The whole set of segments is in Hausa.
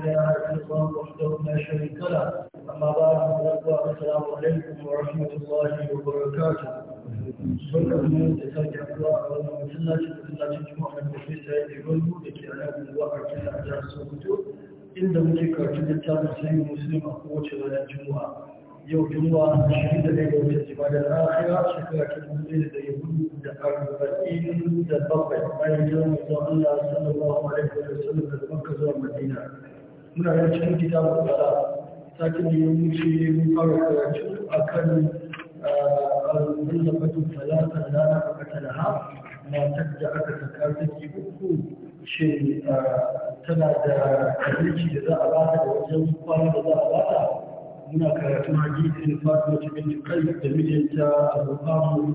وحده لا شريك له أما بعد السلام عليكم ورحمة الله وبركاته sunan mu da ta haɗuwa a wani masallacin masallacin juma'a da da da ke a kila a inda muke karatu littafin sayin musulun a kowace wajen juma'a yau juma'a da shi da ɗaya ga wata jimadar akhira shekara ta dubu ɗaya da ɗari hudu da arba'in da bakwai bayan jiran mutum allah sallallahu alaihi wa sallam zuwa madina muna nan cikin kitabun fara sakin da yin muke mun fara karatu a kan ah, al-zafatun salatan da aka kata da ha matar da aka saka take uku shi ah, tana da abinci da za a bata da wajen kwana da za a bata muna karatun hadisi da fatima ta bin kai da mijinta abu famu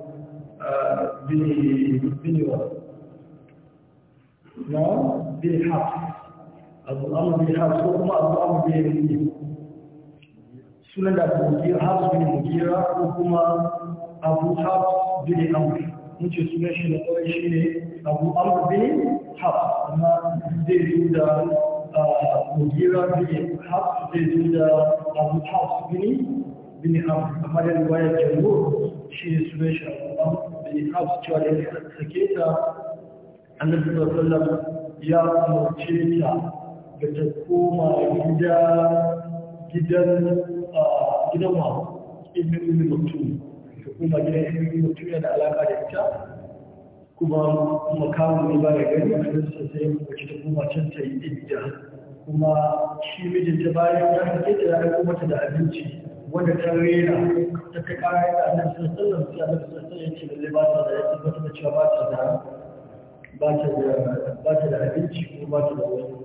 ah, bin bin wa na bin hafi abu amur ko kuma abu amur bin rini da abu mujira hasu ko kuma abu hasu bin amur mun ce shi na kawai shi ne abu amur amma zai zo da zai zo da abu amur amma da riwayar shi ne shi cewa da ya sake ta annabi ya umarce ta da ta koma gida gidan gidan ma ibn ibn mutum ta koma gidan ibn ibn mutum yana alaka da ita kuma makamu ne ba da gani a nan sai mace ta koma can ta yi idda kuma shi mijinta bayan ya fice da ya aiko mata da abinci wanda ta rera ta kai kara da annabi sallallahu alaihi wasallam ta annabi ya ce lalle ba ta da ya tabbata da cewa ba ta da ba ta da abinci ko ba ta da wani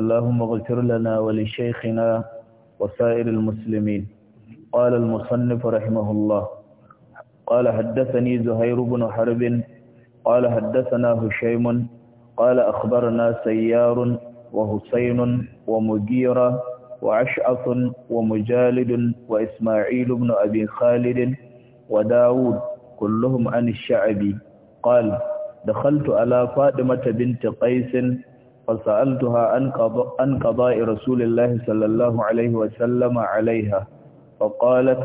اللهم اغفر لنا ولشيخنا وسائر المسلمين قال المصنف رحمه الله قال حدثني زهير بن حرب قال حدثنا هشيم قال أخبرنا سيار وحسين ومجيرة وعشعث ومجالد وإسماعيل بن أبي خالد وداود كلهم عن الشعبي قال دخلت على فاطمة بنت قيس فسألتها عن قضاء رسول الله صلى الله عليه وسلم عليها فقالت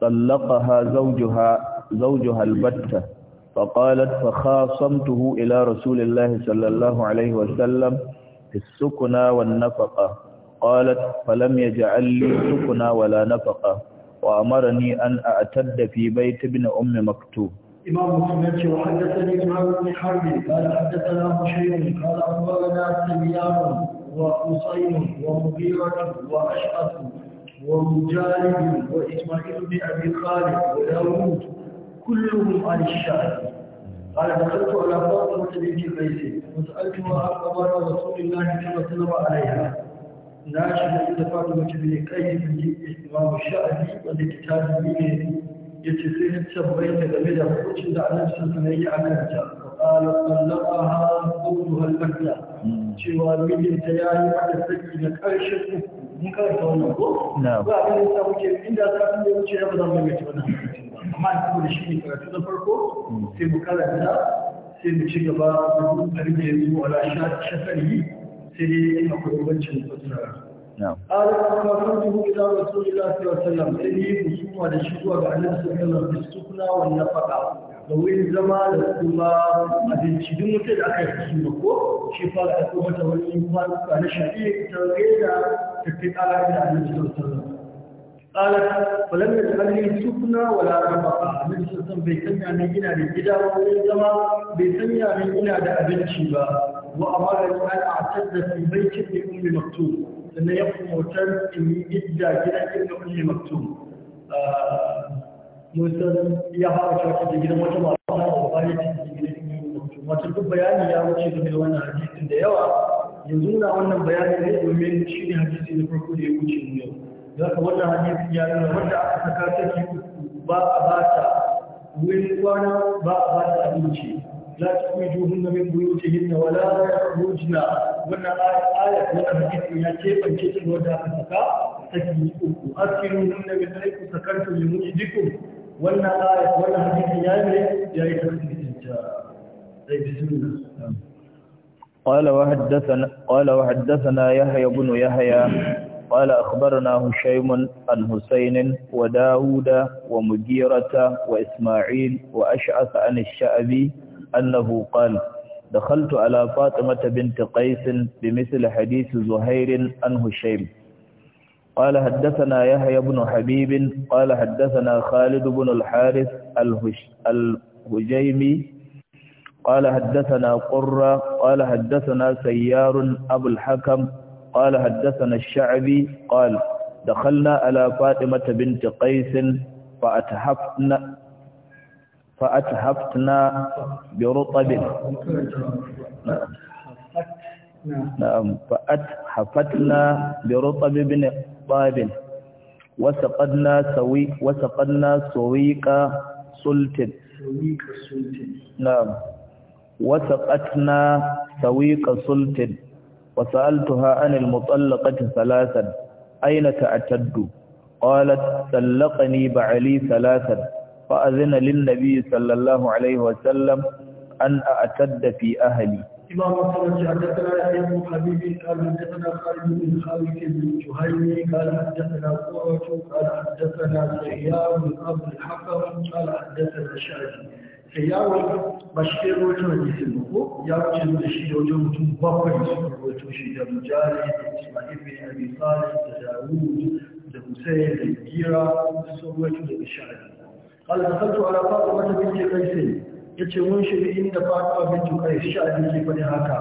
طلقها زوجها زوجها البتة فقالت فخاصمته إلى رسول الله صلى الله عليه وسلم في السكنى والنفقة قالت فلم يجعل لي سكنى ولا نفقة وأمرني أن أعتد في بيت ابن أم مكتوب إمام مسلم وحدثني إمام بن حرب قال حدثنا بشير قال أخبرنا سميان وحسين ومغيرة وأشعث ومجالد وإسماعيل بن أبي خالد وداوود كلهم عن الشعب قال دخلت على فاطمة بنت قيس وسألتها عن قضايا رسول الله صلى الله عليه وسلم عليها ناشد إلى فاطمة بن قيس بن إمام الشعبي والتي تابعينه yace sai na tambaye ta game da hukuncin da Allah sun sanayya a kan ta wa qala sallaqaha qawluha al-fakta cewa mijinta ya yi mata saki na karshen uku mun karanta wannan ko ba abin da muke inda za mu wuce ya ba za mu yi wannan amma ko da shi ne karatu na farko sai mu kala karanta sai mu ci gaba da abin da ya zo ala shafari sai akwai wancan fasara Gawin zama da kuma abinci duk mutum da aka yi su da ko, shi fara da ta wani kwanuka na shafi ta rai da tafi kala da abinci da sauran. Kala, falon da tsalle su kuna wala raba a abinci da sauran bai sanya ne ina da gida ko wani zama bai sanya ne ina da abinci ba, wa amma da tsara a tattafi bai cikin umar mutum. sannan ya fi motar yi idda gidan inda ummi maktum ah, motar ya fara cewa da gidan wata malama da ba ya ce gidan ibn maktum wata duk bayani ya wuce game da wannan hadisin da yawa yanzu na wannan bayani ne domin shi ne hadisi na farko da ya wuce mu yau ka wannan hadisi ya nuna wanda aka saka take ba a ba ta wurin kwana ba a ba ta abinci لا تخرجوهن من بيوتهن ولا يخرجن آية- آية وان آية ولا حديثنا كيف كتب وجاء فتاة تكذبوا أكلوهن من حيث سكنتم لمجدكم وان آية ولا حديثنا يا كيف قال وحدثنا قال وحدثنا يحيى بن يحيى قال اخبرنا هشيم عن حسين وداود ومجيرة واسماعيل واشعث عن الشعبي أنه قال دخلت على فاطمة بنت قيس بمثل حديث زهير أنه الشيب قال حدثنا يحيى بن حبيب قال حدثنا خالد بن الحارث الهجيمي قال حدثنا قرة قال حدثنا سيار أبو الحكم قال حدثنا الشعبي قال دخلنا على فاطمة بنت قيس فأتحفنا فأتحفتنا برطب نعم فأتحفتنا برطب بن طاب وسقدنا سوي وسقدنا سويك سلت نعم وسقتنا سويق سلت وسألتها عن المطلقة ثلاثا أين تعتد قالت سلقني بعلي ثلاثا fa'azina lin nabi sallallahu alaihi wasallam an a'tadda fi ahli إمام الصلاة حدثنا يحيى بن حبيب قال حدثنا خالد بن خالد بن جهيني قال حدثنا قرة قال حدثنا سيار بن أبو الحكم قال حدثنا شادي سيار بشير وجه جسمه يا وجه الشيء وجه متم بقر وجه شيء مجالد إسماعيل بن أبي صالح داوود حسين الجيرة سورة الشادي قال دخلت على فاطمة بنت قيس yace mun shiga inda Fatima bintu Qais sha take fadi haka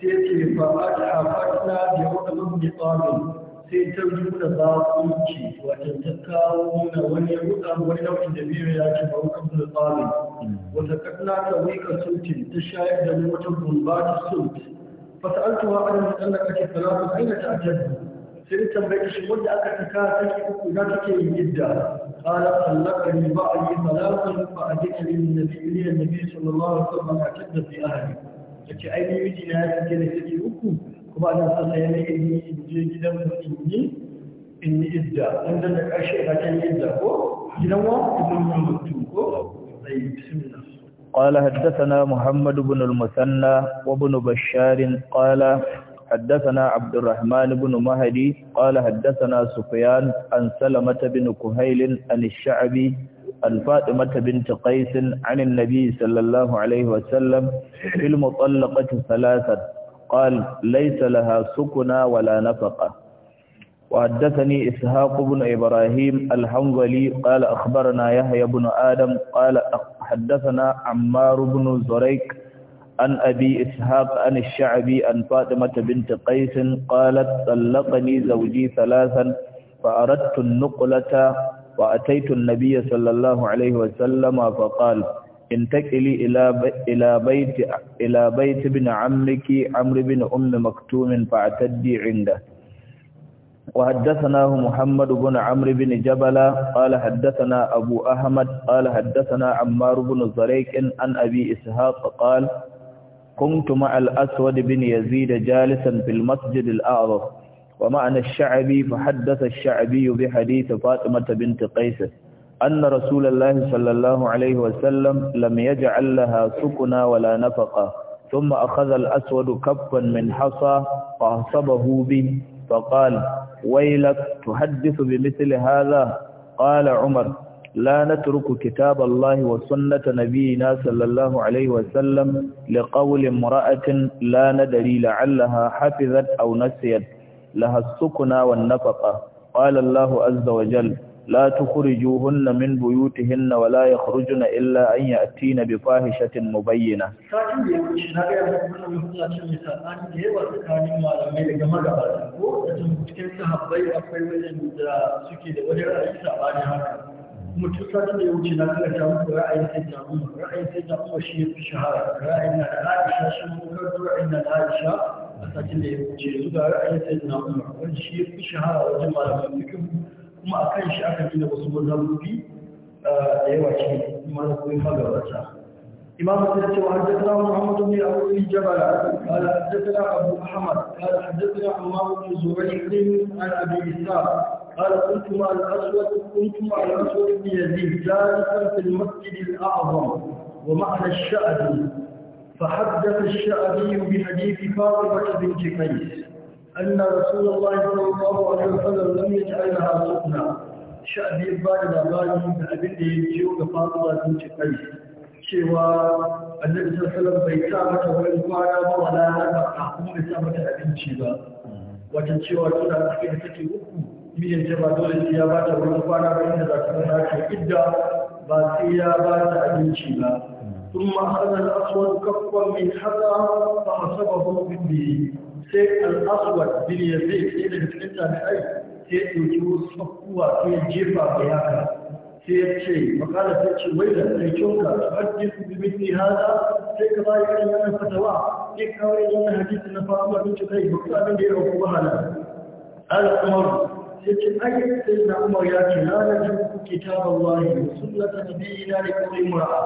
sai yace fa atha fatna bi yawmin bi qabil sai ta nuna bakunci wato ta kawo na wani ruɗa wani nau'in da biyu ya ce bakukan da qabil wata katna ta wika sulti ta shayar da wata bulbatu sult fa sai ta shi wanda aka take uku na idda قال طلقني بعدي طلاقا فأجئ للنبي لي النبي صلى الله عليه وسلم أعتد في أهلي لكي أين يجي نهاية كده كده يوكو كما أنا سأسيني إني إنجي جدا إني إني إدى عندنا أشياء كان إدى جنوا ابن المكتوب طيب بسم الله قال حدثنا محمد بن المثنى وابن بشار قال حدثنا عبد الرحمن بن مهدي قال حدثنا سفيان عن سلمة بن كهيل عن الشعبي عن فاطمة بنت قيس عن النبي صلى الله عليه وسلم في المطلقة ثلاثة قال ليس لها سكنى ولا نفقة وحدثني إسحاق بن إبراهيم الحنظلي قال أخبرنا يحيى بن آدم قال حدثنا عمار بن زريك عن أبي إسحاق عن الشعبي عن فاطمة بنت قيس قالت طلقني زوجي ثلاثا فأردت النقلة وأتيت النبي صلى الله عليه وسلم فقال انتقلي إلى إلى بيت إلى بيت ابن عمك عمرو بن أم مكتوم فاعتدي عنده وحدثناه محمد بن عمرو بن جبل قال حدثنا أبو أحمد قال حدثنا عمار بن زريك عن أبي إسحاق قال كنت مع الأسود بن يزيد جالسا في المسجد الأعظم ومعنى الشعبي فحدث الشعبي بحديث فاطمة بنت قيس أن رسول الله صلى الله عليه وسلم لم يجعل لها سكنا ولا نفقة ثم أخذ الأسود كفا من حصى فأصبه به فقال ويلك تحدث بمثل هذا قال عمر لا نترك كتاب الله وسنة نبينا صلى الله عليه وسلم لقول امرأة لا ندري لعلها حفظت أو نسيت لها السكنى والنفقة قال الله عز وجل لا تخرجوهن من بيوتهن ولا يخرجن إلا أن يأتين بفاهشة مبينة mutum satin da wuce na karanta muku ra'ayin sai da umar ra'ayin sai da kuma shi ya shahara ra'ayin na da aisha shi mu karanta ra'ayin na da aisha a satin da ya wuce yanzu ra'ayin sai da umar wani shi ya shahara wajen malaman fikin kuma a kan shi aka gina wasu mazhabobi ah, da yawa cikin mazhabobin magabata إمام الثلاثة وحدثنا محمد بن أبو جبل قال حدثنا أبو أحمد قال حدثنا عمار بن زهير عن أبي isa. قال كنت مع الأسود كنت مع الأسود بن يزيد جالسا في المسجد الأعظم ومعنا الشعبي فحدث الشعبي بحديث فاطمة بنت قيس أن رسول الله صلى الله عليه وسلم لم يجعلها سكنى شعبي بعد الأغاني من أبن يجيو فاطمة بنت قيس شوى النبي صلى الله عليه وسلم بيتامة وإنقانا ولا نبقى حكومة سامة أبن شبا وتنشوى سنة تحكي تكي أكو Miyan ce ba dole ya ba ta wurin kwana ba inda za ta nuna ta idda ba sai ya ba ta abinci ba ثم أخذ الأسود كفا من حذا فحسبه بالبيه sai al'aswar bin yanzu sai daga cikin jami'ai sai ya ɗauki wasu tsakuwa sai ya jefa ga yaka sai ya ce makala sai ce wai da sai kyauka su hajji su bi mini hada sai ka bayi kan yana fatawa sai kawai yana hadisi na fa'amar da kai ba abin da ya rauku ba hana ala cikin ayyukan sai na umar ya ce na rajin kitab Allah da sunnata nabiyina da kuma imra'a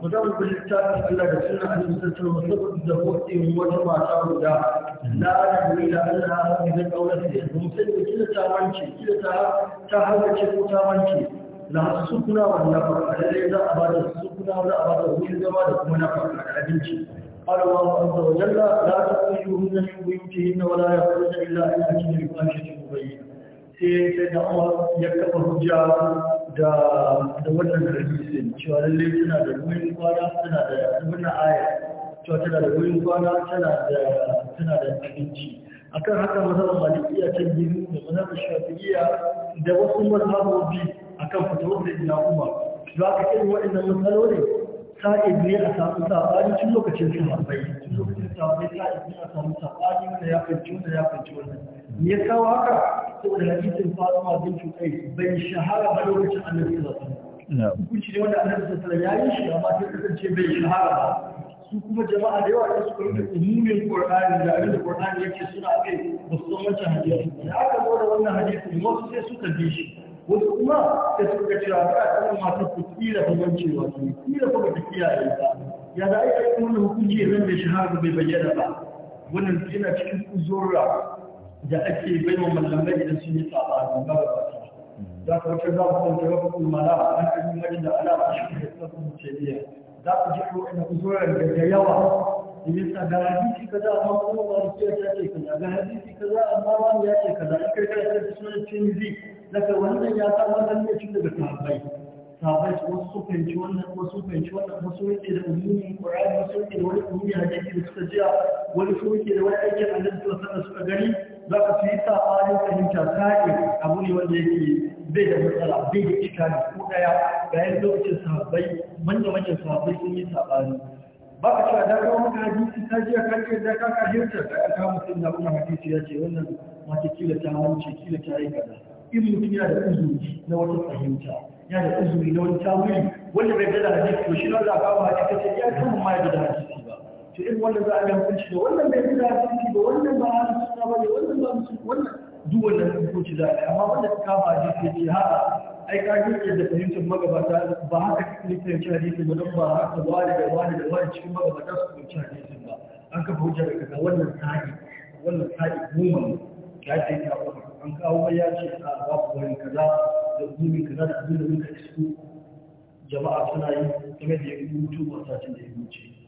ba za mu bi littafin Allah da sunna annabi sallallahu alaihi wasallam saboda motsin wata mata guda la nabiyyi la Allah zai kaulata da mun sai da kila ta wance kila ta ta hawace ko ta wance la sukuna wannan ba lalle za a ba da sukuna a ba da wurin zama da kuma na farka da abinci قال الله عز وجل لا تخرجوهن من بيوتهن ولا يخرجن الا ان ياتين بفاحشه مبينه sai da umar ya kafa hujja da da wannan hadisin cewa lalle suna da ruwan kwana suna da wannan aya cewa tana da ruwan kwana tana da tana da abinci akan haka mazhabar malikiya ta biyu da mazhabar shafi'iyya da wasu a kan fatawar da ina kuma. za ka irin waɗannan matsalolin sa'id ne a samu sabani tun lokacin su haɓai tun lokacin sabai sa'id ne a samu sabani wanda ya fahimci wanda ya fahimci wanda me ya kawo haka saboda hadisin fatima bin cutai bai shahara ba lokacin annabi sallallahu alaihi wasallam hukunci ne wanda annabi sallallahu alaihi ya yi shi amma sai kasance bai shahara ba su kuma jama'a da yawa da suka rubuta umumin qur'ani da abin da qur'ani yake suna kai ba su san wancan hadisi da aka zo da wannan hadisi wasu sai suka bi shi wasu kuma da suka cewa ba a kan masu ku tsira ta su wasu tsira kuma ta kiyaye ba ya da aika yi wannan hukunci ya zan da shahara bai bayyana ba wannan yana cikin uzurra da ake bai wa mallamai idan sun yi sabani ba ba ba za ka wata za ku san da wasu kuma na an ajin da alama shi da tsakon mutumiya za a ji wa'in kusurar da da yawa domin a ga hadisi ka za amma kuma ba su ya ce kaza ga hadisi ka za amma wani ya ce kaza in kai kai suna cin zi daga wannan ya sa wannan ne cin daga sahabbai sahabbai wasu fahimci wannan wasu fahimci wannan wasu rike da umumi ƙwararri wasu rike da wani umumi da suka jiya wani su da wani aikin annabi sallallahu alaihi suka gani za ka su yi sabanin fahimta sa'in abu ne wanda yake bai da matsala bai da iskari ko daya bayan lokacin sahabbai manya-manyan sahabbai sun yi sabani ba a cewa da kawo maka hadisi ta jiya ka ce da ka kafirta da aka mutum na kuma hadisi ya ce wannan mace kila ta mance kila ta yi kaza in mutum yana da uzuri na wata fahimta yana da uzuri na wani tawili wanda bai gada hadisi to shi na za a kawo hadisi ta ce ya kama ma ya gada hadisi ba to irin wanda za a yi hukunci da wannan bai gada hadisi ba wannan ba a suna ba ne wannan ba musu wannan duk wannan hukunci za a amma wanda ta kama hadisi ya ce ha ai ka yi da fahimtar magabata ba haka ne fahimci hadisi ba don ba haka wani da wani da wani cikin magabata su fahimci hadisi ba an kafa wajen da kaga wannan sa'i wannan sa'i goma ya ce ya kawo an kawo ya ce a babu wani kaza da gumi kaza da abin da muka isko jama'a suna yi game da ya mutu a cin da ya wuce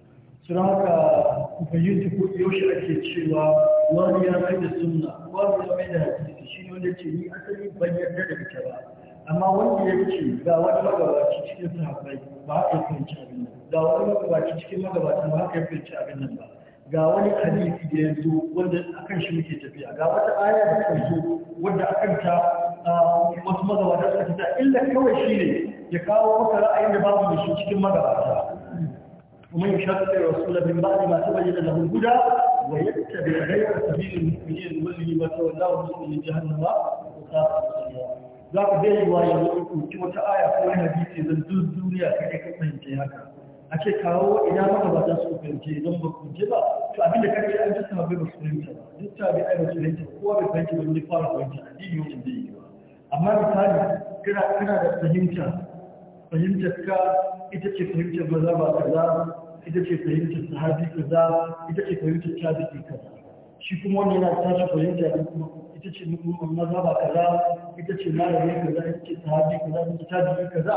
suna haka bayyanta ko yaushe ake cewa wani ya mai da sunna wani ya mai da hadisi shi ne wanda ce ni asali ban yarda da ita ba amma wanda ya ce ga wani magabaci cikin sahabbai ba haka ya fahimci abin nan ga wani magabaci cikin magabatan ba haka ya fahimci abin nan ba ga wani hadisi da ya zo wanda akan shi muke tafiya ga wata aya da ta zo wanda akan ta wasu magabata suka ta illa kawai shi ne ya kawo maka ra'ayin da babu da shi cikin magabata ومن يشرك الرسول من بعد ما تبين له الهدى ويتبع غير سبيل المؤمنين نوله ما تولاه من جهنم وساءت za ku bai yiwa yanzu ku ɗauki wata aya ko wani hadisi zan duk duniya kai ka fahimce haka a ce kawo idan maka ba za su fahimce idan ba ku ji ba to abinda ka ce an ji bai ba su fahimta ba duk ta bai ba su fahimta kowa bai fahimta ba ne fara fahimta addini wani bai yi ba amma misali kana da fahimta fahimtar ka ita ce fahimtar maza ba kaza ita ce fahimtar sahabi kaza ita ce fahimtar haɗi kaza shi kuma wani yana tashi fahimta ne kuma ita ce mazhaba kaza ita ce na malami kaza ita ce sahabi kaza ita ce tabi'i kaza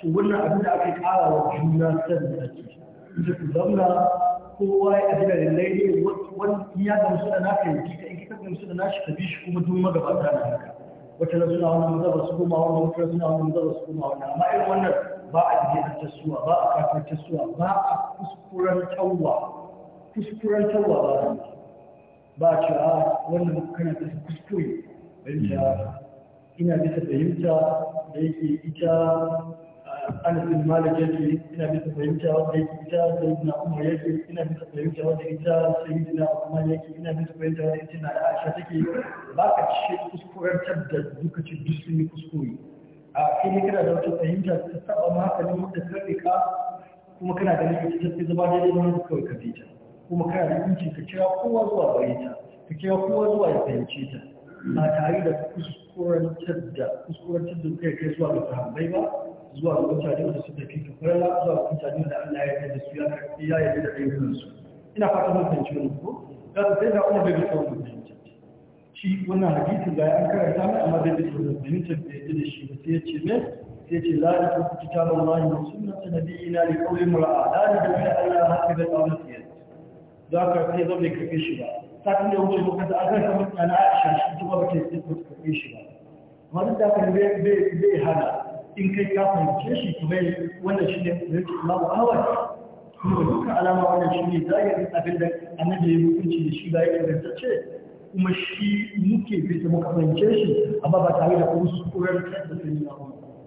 to wannan abin da aka yi ƙara wa juna sanin da ke ita ku zauna kowa ya ajira da ne wani ya gamsu da naka yanki ka in kika gamsu da nashi ka bi shi kuma duk magabata na haka wata na suna maza ba su koma wani wata na suna maza ba su koma wani amma irin wannan ba a jiye an tasuwa ba a kafin tasuwa ba a kuskuren tawwa kuskuren tawwa ba su ba ce a ah, wannan kana ta kuskure rinta ina bisa fahimta da yake ita ah, anasin malik yake ina bisa fahimta wanda yake ita sayyidina umar yake ina bisa fahimta wanda ita sayyidina umar yake ina bisa fahimta wanda ita na aisha take ba ka ce kuskurantar da duka ce duk sun yi kuskure a ah, kai kana da wata fahimta ta saba ma hankalin wanda ta rika kuma kana da nake ita ta zama daidai wani kawai ka fita. kuma kana da hukuncin ka kira kowa zuwa gare ta ka kira kowa zuwa ya fahimce ta na tare da kuskurantar da kuskurantar da kai kai zuwa ga sahabbai ba zuwa ga mutane da suka fi kafarla zuwa ga mutane da Allah ya yarda da su ya karbi ya yarda da ayyukan su ina fata mun fahimci wannan ko za ka sai da kuma da bisa wannan fahimta shi wannan hadisin da an karanta mai amma da bisa wannan fahimta da da shi ba sai ya ce ne sai ce la da kuma kitabun Allah da sunnata da da Allah haka da tsawon siyar da ka sai zo shi ba sakin da wani lokacin da aka kama Aisha shi kuma ba ta yi shi ba da kan bai hana in kai ka fahimce shi to wannan shine zai Allahu Ahmad kuma duka alama wannan abin da annabi ya hukunci da shi ba ya kuma shi muke bisa muka fahimce shi amma ba tare da kuma su kurar da sun na kuma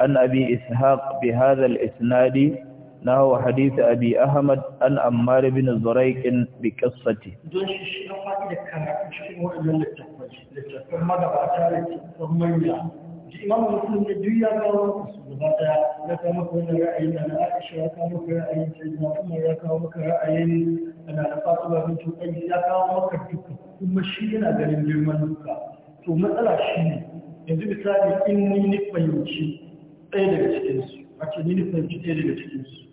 عن أبي إسحاق بهذا الإسناد نهو حديث أبي أحمد عن أمار بن الزريك بكصته imam musulun da duk ya kawo maka su gaba daya ya kawo maka wani ra'ayin da na'aisha ya kawo maka ra'ayin da na kuma ya kawo maka ra'ayin a na nafa tuba ya kawo maka duka kuma shi yana ganin girman duka to matsala shi ne yanzu misali in ni ni fahimci ɗaya daga cikinsu a ce ni fahimci ɗaya daga cikinsu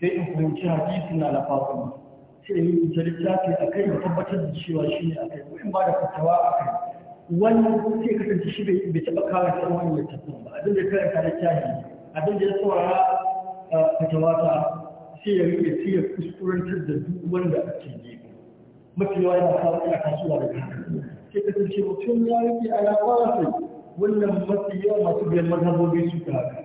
sai in fahimci hadisi na lafafa sai in yi littafi a kai da tabbatar da cewa shi ne a kai ko in ba da fatawa a kai wannan sai kasance shi bai taɓa kawo ta wani littafin ba abin da ya karanta littafi abin da ya saurara fatawa ta sai ya rike sai ya kuskurantar da duk wanda ake gefe mafi yawa yana kawo iyaka kasuwa daga haka sai kasance mutum ya rike alaƙa sai wannan mafi yawa masu biyan mazhabobi suka haka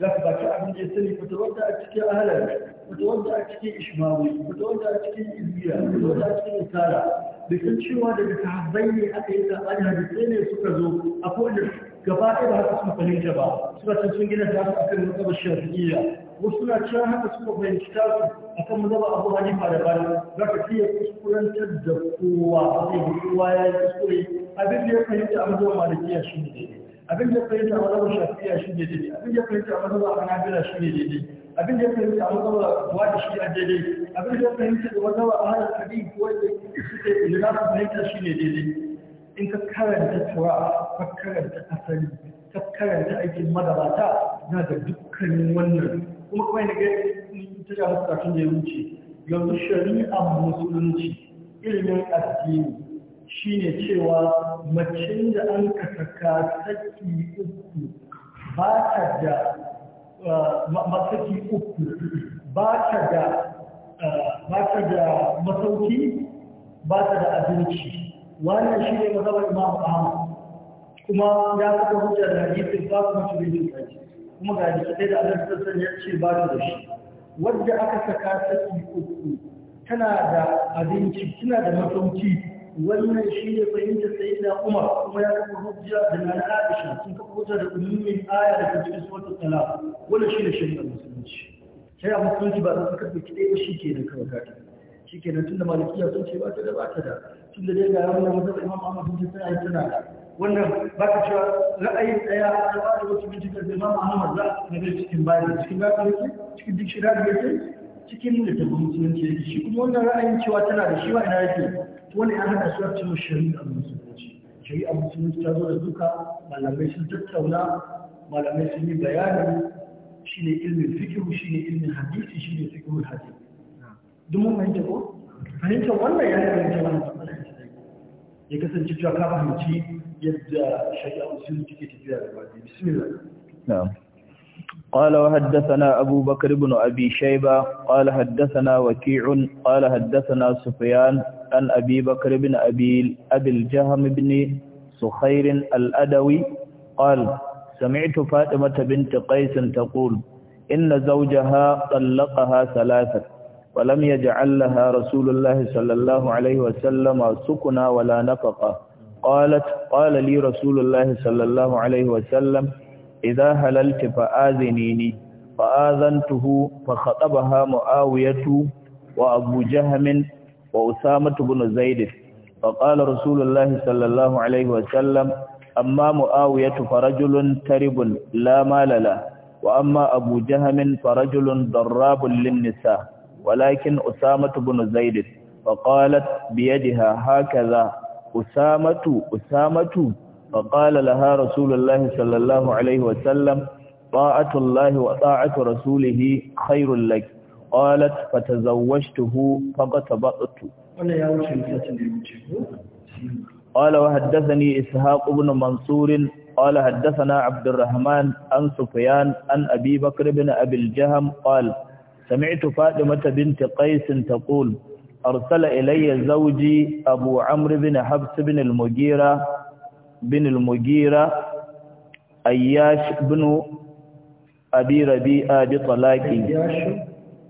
za ka baki abin da ya sani fata wanda a cikin ahalar fata wanda a cikin ishmawi fata wanda a cikin izbiya fata wanda a cikin isara da san cewa daga sahabbai ne aka yi sabani hadisai ne suka zo a kowane gaba ɗaya ba haka suka fahimta ba suka san sun gina tasu akan matsalar shafi'iyya wasu suna cewa haka suka fahimci tasu a akan mazaba abu hanifa da bani za ka iya kuskurantar da kowa a zai kowa ya yi kuskure abin da ya fahimta a mazan malikiya shi ne daidai abin da ya fahimta a mazan shafiya shi ne daidai abin da ya fahimta a mazan hanabila shi ne daidai abin da ya fahimta a mazan wa da shi a daidai abin da ya fahimta a mazan wa ahal kadi ko da suke ilina su fahimta shi ne daidai in ka karanta tura ka karanta asali ka karanta aikin magabata na da dukkanin wannan kuma kuma yana gani ta jami'a da ya wuce yanzu shari'a musulunci ilimin addini shine cewa macin da an ka saka saki uku ba ta da uh, masauki uku uh, ba ta da masauki ba ta da abinci wannan shi ne mazhabar imam ahama kuma ya saka hujja da hadisin ba kuma shi bai saki kuma ga hadisi da Allah sassan ya ce ba da shi wanda aka saka saki uku tana da abinci tana da masauki wannan shi ne fahimtar sai da umar kuma ya kafa hujja da nana aisha sun kafa hujja da umumin aya da kan cikin suratul talaq wannan shi ne shari'ar musulunci shari'ar musulunci ba za su karɓi kiɗai ba shi ke da kawai gata shi ke nan tunda malikiya sun ce ba ta da ba ta da tunda dai ga wannan mazhab imam ahmad sun ce tana yi tana da wannan ba ka cewa ra'ayin ɗaya da ba da wasu bincikar da imam ahmad za a ga cikin bayan cikin gata yake cikin dictionary yake cikin da littafin musulunci ya yake shi kuma wannan ra'ayin cewa tana da shi wa ina yake wani ya hada su a cikin shari'ar musulunci shari'ar musulunci ta zo da duka malamai sun tattauna malamai sun yi bayani shine ilmin shi ne ilmin hadisi ne fikihul hadisi duk mun fahimta ko fahimta wannan ya fahimta wannan matsala ya kasance cewa ka fahimci yadda shari'ar musulunci ke tafiya da ba bismillah na'am قال وحدثنا أبو بكر بن أبي شيبة قال حدثنا وكيع قال حدثنا سفيان عن أبي بكر بن أبي أبي الجهم بن سخير الأدوي قال سمعت فاطمة بنت قيس تقول إن زوجها طلقها ثلاثة ولم يجعل لها رسول الله صلى الله عليه وسلم سكنا ولا نفقة قالت قال لي رسول الله صلى الله عليه وسلم idza halalti fa azinini fa azantuhu fa khatabaha muawiyatu wa abu jahm wa usama ibn zaid fa qala rasulullah sallallahu alaihi wa amma muawiyatu farajulun taribun la malala wa amma abu jahm farajulun darrabun lin nisa walakin usama ibn zaid فقالت بيدها هكذا أسامة أسامة فقال لها رسول الله صلى الله عليه وسلم طاعة الله وطاعة رسوله خير لك قالت فتزوجته فقتبأت قال وحدثني إسحاق بن منصور قال حدثنا عبد الرحمن عن سفيان عن أبي بكر بن أبي الجهم قال سمعت فاطمة بنت قيس تقول أرسل إلي زوجي أبو عمرو بن حبس بن المجيرة بن المجيرة أياش بن أبي ربيعة بطلاقه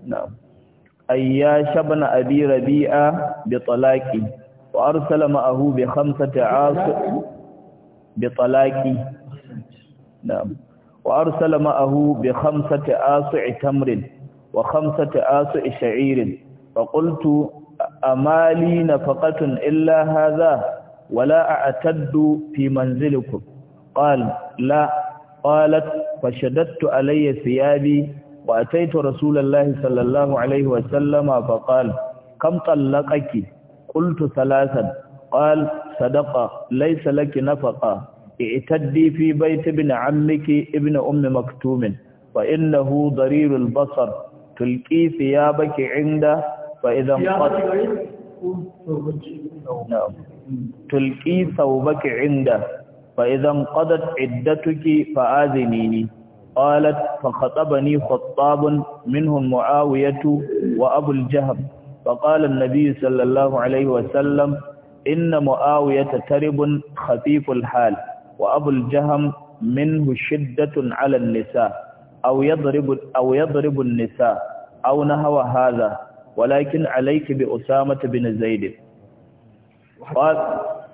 نعم أياش بن أبي ربيعة بطلاقه وأرسل معه بخمسة عاصر بطلاقه نعم وأرسل معه بخمسة آصع تمر وخمسة آصع شعير فقلت أما لي نفقة إلا هذا ولا أعتد في منزلكم قال لا قالت فشددت علي ثيابي وأتيت رسول الله صلى الله عليه وسلم فقال كم طلقك قلت ثلاثا قال صدق ليس لك نفقة اعتدي في بيت ابن عمك ابن أم مكتوم فإنه ضرير البصر تلقي ثيابك عنده فإذا انقطع نعم تلقي ثوبك عنده فإذا انقضت عدتك فآذنيني قالت فخطبني خطاب منهم معاوية وأبو الجهب فقال النبي صلى الله عليه وسلم إن معاوية ترب خفيف الحال وأبو الجهم منه شدة على النساء أو يضرب, أو يضرب النساء أو نهو هذا ولكن عليك بأسامة بن زيد قال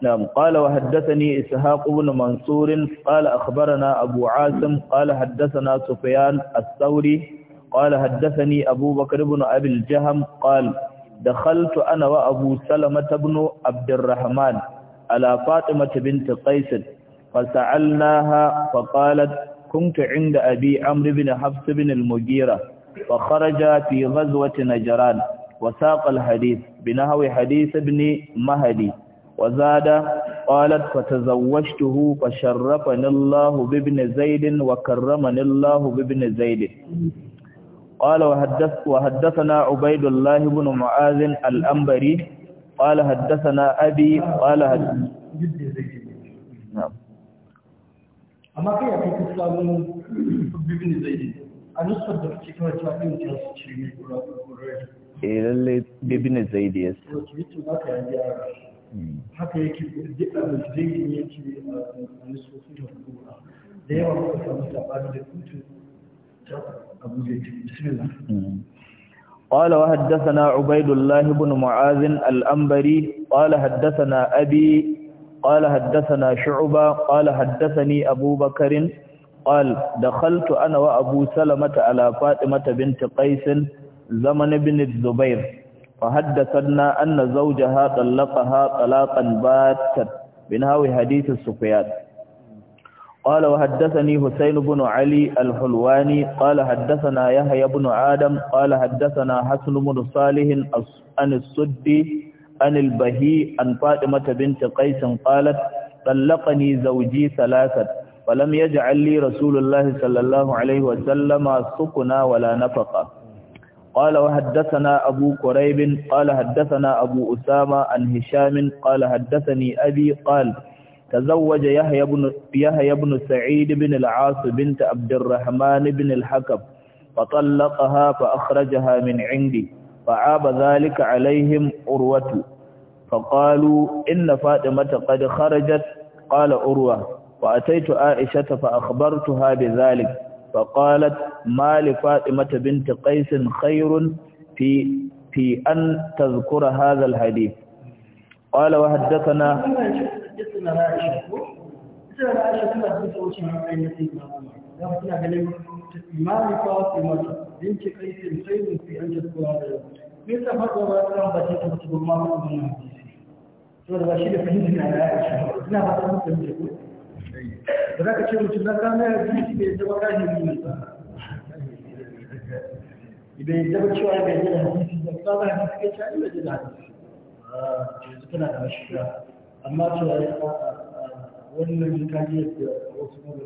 نعم قال وحدثني إسحاق بن منصور قال أخبرنا أبو عاصم قال حدثنا سفيان الثوري قال حدثني أبو بكر بن أبي الجهم قال دخلت أنا وأبو سلمة بن عبد الرحمن على فاطمة بنت قيس فسألناها فقالت كنت عند أبي عمرو بن حفص بن المجيرة فخرج في غزوة نجران وساق الحديث بنهو حديث ابن مهدي وزاد قالت فتزوجته فشرفني الله بابن زيد وكرمني الله بابن زيد قال وحدث وحدثنا عبيد الله بن معاذ الانبري قال حدثنا ابي قال a nusfar da cikin wajen cikin cikin cikin eh lalle ibn zaid ya sa haka yake zaid ne yake a nisofi da kuma da yawa kuma samu sabani da kutu abu zaid bismillah قال وحدثنا عبيد الله بن معاذ الأنبري قال حدثنا أبي قال حدثنا شعبة قال حدثني أبو بكر قال دخلت أنا وأبو سلمة على فاطمة بنت قيس زمن بن الزبير وحدثنا أن زوجها طلقها طلاقا باتا بنهاو حديث السفيان قال وحدثني حسين بن علي الحلواني قال حدثنا يحيى بن آدم قال حدثنا حسن بن صالح عن السدي عن البهي عن فاطمة بنت قيس قالت طلقني زوجي ثلاثة ولم يجعل لي رسول الله صلى الله عليه وسلم سكنا ولا نفقه قال وحدثنا أبو كريب قال حدثنا أبو أسامة عن هشام قال حدثني أبي قال تزوج يحيى بن يحيى بن سعيد بن العاص بنت عبد الرحمن بن الحكم فطلقها فأخرجها من عندي فعاب ذلك عليهم أروة فقالوا إن فاطمة قد خرجت قال أروة فأتيت عائشة فأخبرتها بذلك فقالت ما لفاطمة بنت قيس خير في في أن تذكر هذا الحديث قال وحدثنا ما لفاطمة بنت قيس خير في أن تذكر هذا الحديث ما ba za ka ce mutum na ne ba zama cewa ya bai da hadisi ba da hadisi ah, da mashiga amma cewa ya ah, wannan kaji yadda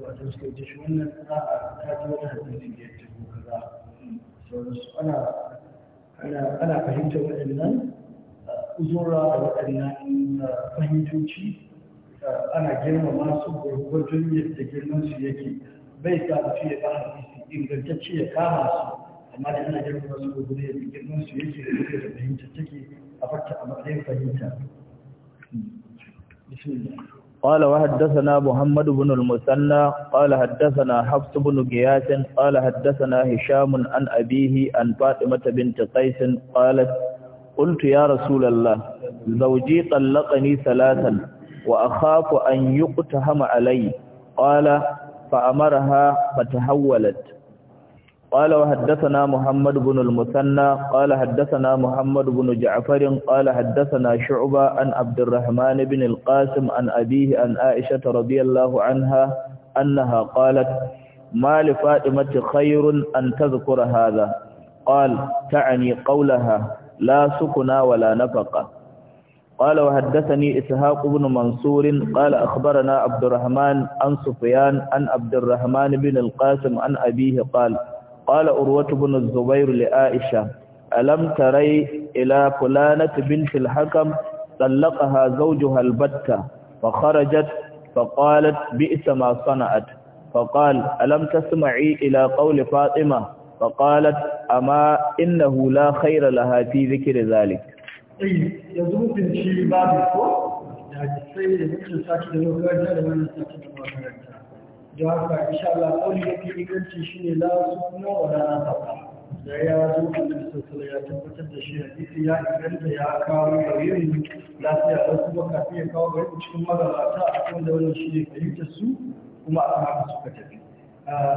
wasu suka yi shi wannan a'a ah, kaji wani hadisi ne ya tafi kaza sauransu ana ana fahimtar waɗannan uzura da waɗannan fahimtoci ana girmama su gurgurdun yadda girman su yake bai sa mutum ya ba hadisi ingantacce ya kama su amma da girmama su gurgurdun yadda girman su yake da da fahimta take a farta a matsayin fahimta قال وحدثنا محمد بن المثنى قال حدثنا حفص بن غياث قال حدثنا هشام عن أبيه عن فاطمة بنت قيس قالت قلت يا رسول الله زوجي طلقني ثلاثا وأخاف أن يقتهم علي قال فأمرها فتحولت قال وحدثنا محمد بن المثنى قال حدثنا محمد بن جعفر قال حدثنا شعبة عن عبد الرحمن بن القاسم عن أبيه عن عائشة رضي الله عنها أنها قالت ما لفاطمة خير أن تذكر هذا قال تعني قولها لا سكنا ولا نفقه قال وحدثني إسحاق بن منصور قال أخبرنا عبد الرحمن عن سفيان عن عبد الرحمن بن القاسم عن أبيه قال قال أروة بن الزبير لآئشة ألم تري إلى فلانة بنت الحكم طلقها زوجها البتة فخرجت فقالت بئس ما صنعت فقال ألم تسمعي إلى قول فاطمة فقالت أما إنه لا خير لها في ذكر ذلك tsayi ya zubin shi babu ko da sai da mutum sati da makaranta da wani sati da makaranta da haka insha Allah kauli da ke inganci shine la sukuna wa la nafaqa da ya zo annabi sallallahu ya tabbatar da shi hadisi ya inganta ya kawo bayanin lafiya da kuma kafin ya kawo bayanin cikin magabata akan da wannan shi ne fahimtar su kuma a haka suka tafi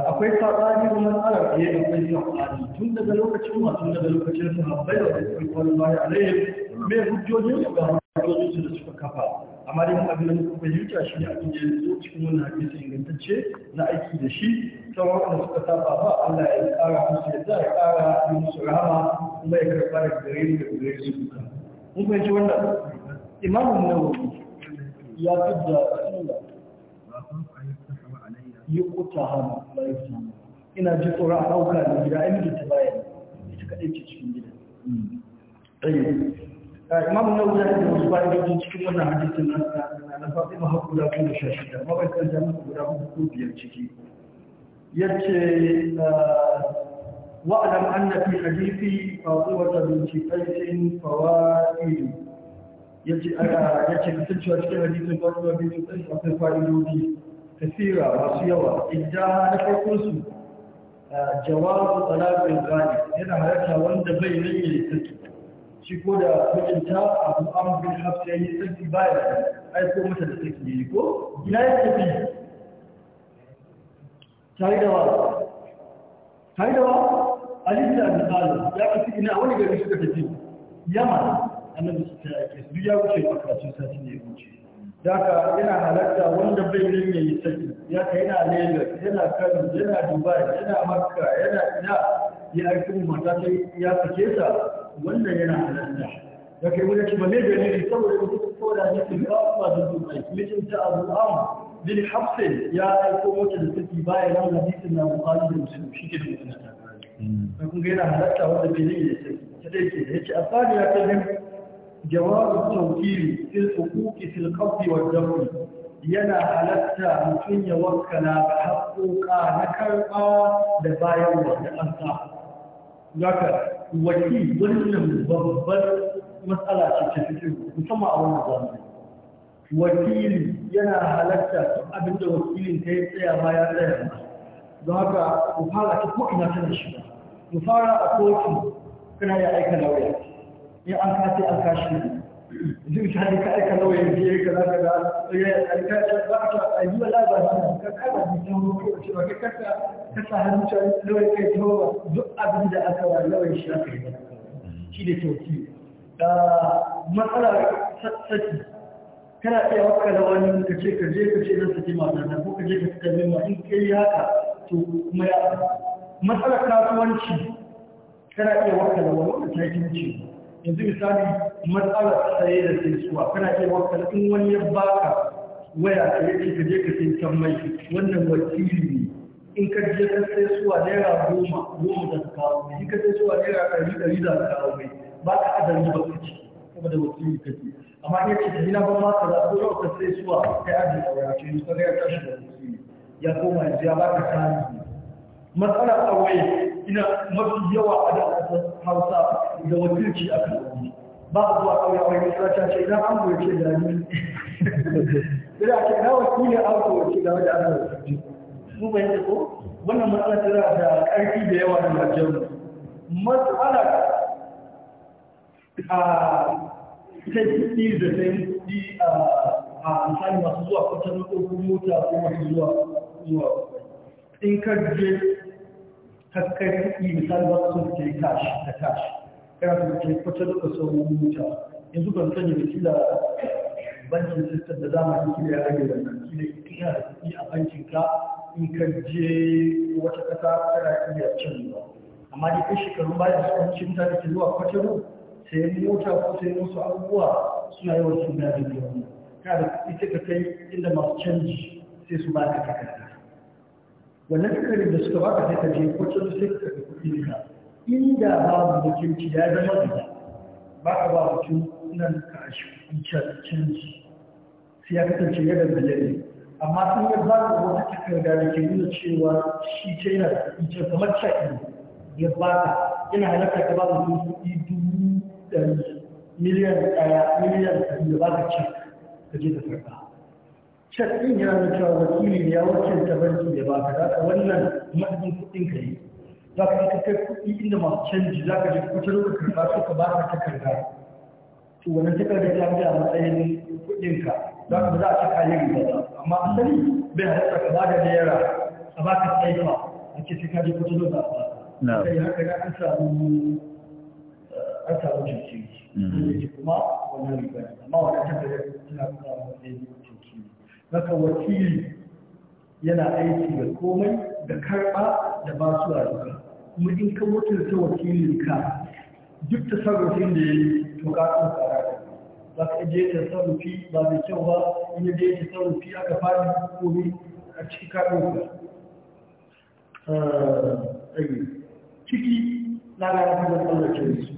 akwai saɓani da fiye da ya akwai saɓani tun daga lokacin tun daga lokacin sahabbai da wasu kwallon baya alayhi Mai hujjoji su ga hujjojin da suka kafa amma dai abin da muka fahimta shi ne abin da ya zo cikin wannan hadisi ingantacce na aiki da shi sauran wanda suka saba ba Allah ya kara musu yadda ya kara musu rahama kuma ya karɓa da gare ni da gare su duka mun fahimci wannan imamun nawawi ya fidda sunna yi kuta hama la ina ji tsoron hauka ɗauka da gida ainihin ta bayan ita kaɗai ce cikin gida hmm. imam nau ya da wasu bayan da cikin wannan hadisin na faɗi ma guda goma sha shida mabaikan ta muku guda hudu biyar ciki Ya ce yace ah, wa'alam anna fi hadithi fadhiwa bin qaisin fawaid yace ana ah, yace kasancewa cikin hadisin fadhiwa bin qais akwai fa'idoji kasira masu yawa idda na farkon su ah, jawabu talaqil ghalib yana halarta wanda bai rage take shi ko da mijinta abu an bin hafsa ya yi sarki baya aiko mata da sarki yi ko ina ya tafi tare da wa tare da wa alisa da tsalo ya kasu ina wani gari suka tafi yamma annabi su ta yake su ya wuce a kacin sati ne ya wuce daga yana halatta wanda bai yi yayi saki ya kai yana Lagos yana Kano yana Dubai yana Makka yana ina ya aiki mu mata sai ya sake sa wannan yana halatta da kai wani ci ba ne da ne saboda duk saboda ne ki ga ba da duk mai mijin ta Abu Am bin Hafs ya aiko mata da saki bayan nan da hadisin na Bukhari da Muslim shi ke da mutunta ta kun ga yana halatta wanda bai nan yayi saki sai ke da yake afani ya kai جواب التوكيل في الحقوق في القبض والدفع yana halatta mutum ya wakana ga haƙoƙa na karɓa da bayarwa da ƙasa. Zaka waki wannan babbar matsala ce ta cikin musamman a wannan zamani. Wakili yana halatta duk abin da wakilin ta yi tsaya ma ya tsaya ma. Don haka ku fara ta ko'ina tana shiga. Ku fara a kotu kana ya aika lauya. in an kasi an kashi duk ta ka aika nawa ya je ka zaka da ya aika ta ba ta ai wala ba ta ka ka ba ni tan ko ce ba ka ka ka sa hannu ta nawa kai to ba duk abin da aka wa nawa shi aka yi shi da tauki da matsala saki kana iya da wani ka ce ka je ka ce na saki mata na ko ka je ka kalle ma in ka yi haka to kuma ya matsalar kasuwanci kana iya da wani wanda ta yi ce yanzu misali matsalar saye da sai suwa kana iya wakar in wani ya baka waya ka yake ka je ka sai can mai wannan wakili ne in ka je ka sai suwa naira goma goma da ka kawo mai in ka sai suwa naira ɗari ɗari da ka kawo mai ba ka adana ba ka ci da wakili ka ce amma ya ce gina ba ma ka zaɓo ko ka sai suwa ka yi adali a waya ce ka ya tashi da wakili ya koma yanzu ya baka tarihi matsalar aure ina mafi yawa a da hausa da wakilci a kan ba a zuwa kawai a wani sarata ce idan an goyi da ni da ce na wakilin an goyi ce da wani ana wakilci mu bai da ko wannan matsalar tana da ƙarfi da yawa da wajen matsalar a ta kuɗi da ta yi kuɗi a misali masu zuwa kwatar ko mota ko masu zuwa zuwa in ka je kakkai kuɗi misali ba su ke kashi da kashi kana su ke kwatar da sauran wuta yanzu ban sanya da kila bankin sistem da zamani kila ya rage da nan kila kila da kuɗi a bankin ka in ka je wata ƙasa kana iya cin ba amma ne kai shekaru bayan su kwanci da ke zuwa kwataro sai mota ko sai musu abubuwa suna yawan suna da yawan kana da kuɗi ka kai inda masu canji sai su ba ka takarda wannan takarar da suka baka sai ka je kwacin sai ka karɓi kuɗi ka inda babu mutunci ya zama gaba ba ka ba mutum nan ka shi kucar canji sai ya kasance yadda da jari amma sun ya ba ka wata takarda da ke nuna cewa shi ce yana da kuɗi kamar sha ya ba ka yana halatta ka ba mutum kuɗi dubu ɗari miliyan ɗaya miliyan ɗari da ba ka ce ka je ka karɓa cikin ɗin yana da cewa wakili ya wakil ta banki ya baka da ka wannan madadin kuɗin ka yi za ka yi kai kuɗi inda masu canji za ka je kuce ka karɓa su ka ba ka takarda to wannan takardar ta biya matsayin kuɗin ka za ka za a cika yin riba amma asali bai haɗa ka ba da naira a baka ka a ce ta ka je kuce ka ba sai haka na an samu eh, an samu jinkiri mm-hmm. kuma wannan riba amma wannan takardar tana kuma matsayin haka wakili yana aiki da komai da karɓa da ba su a duka kuma in ka mutunta wakilin ka duk ta sarrafin da ya yi to ka kan tsara za ka je ta sarrafi ba mai kyau ba in ya je ta sarrafi aka fara komai a cikin kaɗo eh, ciki na ranar da tsallake su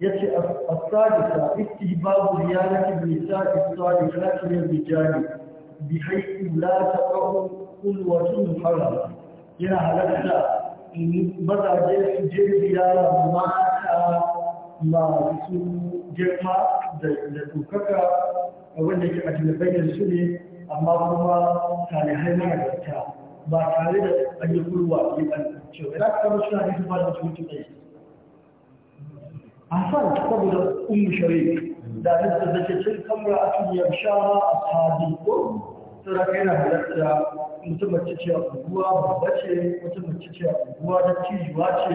yace as-sadisa istihbabu riyalati bi nisa'i as-sadisati lil rijali bihaiku la taqahu kulwatun haram yana halatta mazaje su je ziyara mata masu girma da tukaka wanda ke a tilibayyar su ne amma kuma talihai mara gaskiya ba tare da ayyukulwa ke ɓanci. Ina kamar suna hidima da mutum mutum ɗaya. A أحسن قبل أم شريك da yadda zake cin kamar a cikin yamsha a sabi ko tsira yana halatta mutum mace ce a unguwa babba ce mutum mace ce a unguwa da cijuwa ce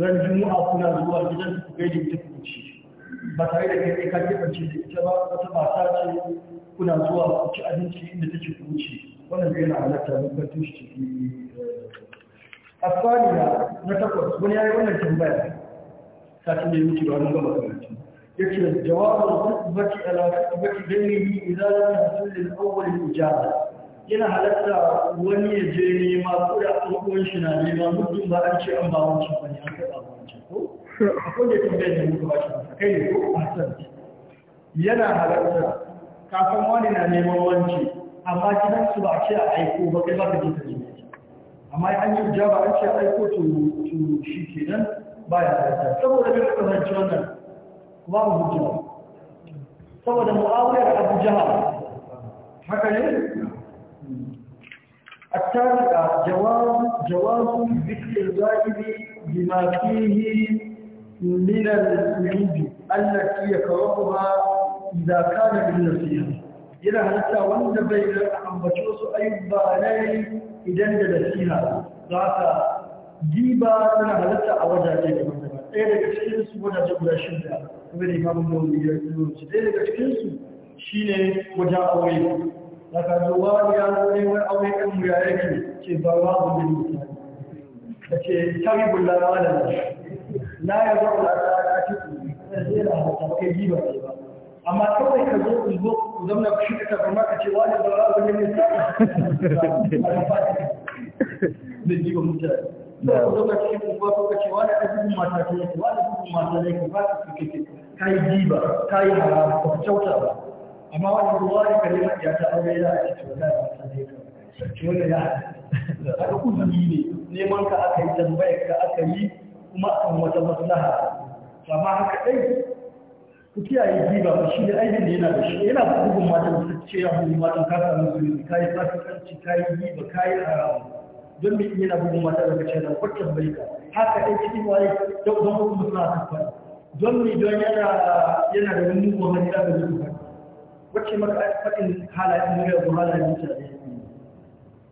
ran juma'a kuna zuwa gidan ku da ita ku ba tare da kai ka kebance da ita ba wata mata ce kuna zuwa ku ci abinci inda take ku ci wannan zai yana halatta mutum tushe ciki a na takwas wani ya yi wannan tambaya satin da ya wuce ba mun gama karatu yake jawabul khutbati ala khutbati dalili idan lam tahsul lil awwal ijaba yana halatta wani ya je ne ma ko da abubuwan shi na nema mutum ba an ce an ba wancan ba ne an taɓa wancan ko akwai da tambayar da muka ba shi kai ne ko hasan yana halatta kafin wani na neman wanci amma gidan su ba ce a aiko ba kai ba ka je ka nema amma an yi ijaba an ce aiko to shi kenan baya haifar saboda ga kasance wannan babu hujjawa saboda mu'awiyar abu jaha ne a tarika jawazu zikir zaibi jimafihi minar rubi allaki ya karo ba da kanar rinnasiya yana hannuta wanda bai ambace su ayyubba nai idan da da siya za giba suna halatta a wajaje da mutane ɗaya daga cikin su wajaje guda shida kuma da imamu nawawi ya yi ɗaya daga cikin su shine wajen aure daga zuwa ya zo wani aure kan mu ya yake ce ba wa abu da mutane da ke tari bulla na da na ya zo da ta ta ci ku yana halatta kai giba ce ba amma kawai ka zo in zo ku zamna ku shi ka kamar ka ce wani ba wa abu da mutane da giba mutane lokaci ku ba kuka ce wani azumin mata ta yake wani azumin mata ne ku ba ku kike kai jiba kai haram ku kyauta ba amma wani ruwa ne kare ma ya ta aure ya a to da ba ta ne ka ce wannan ya haka ku ne neman ka aka yi tambayar ka aka yi kuma akan wata maslaha amma haka dai ku kiyaye jiba ba shi da aibin da yana da shi yana bugun matan su ce ya bugun matan ka samu zuri kai fasikanci kai jiba kai haram don mai iya na bugun mata daga cikin rakwar tambayi ka haka ɗan cikin waye don kuma suna kafar don mai don yana yana da wani mugun wani da zai kafar wacce maka aka faɗin halayen murya ko halayen mutane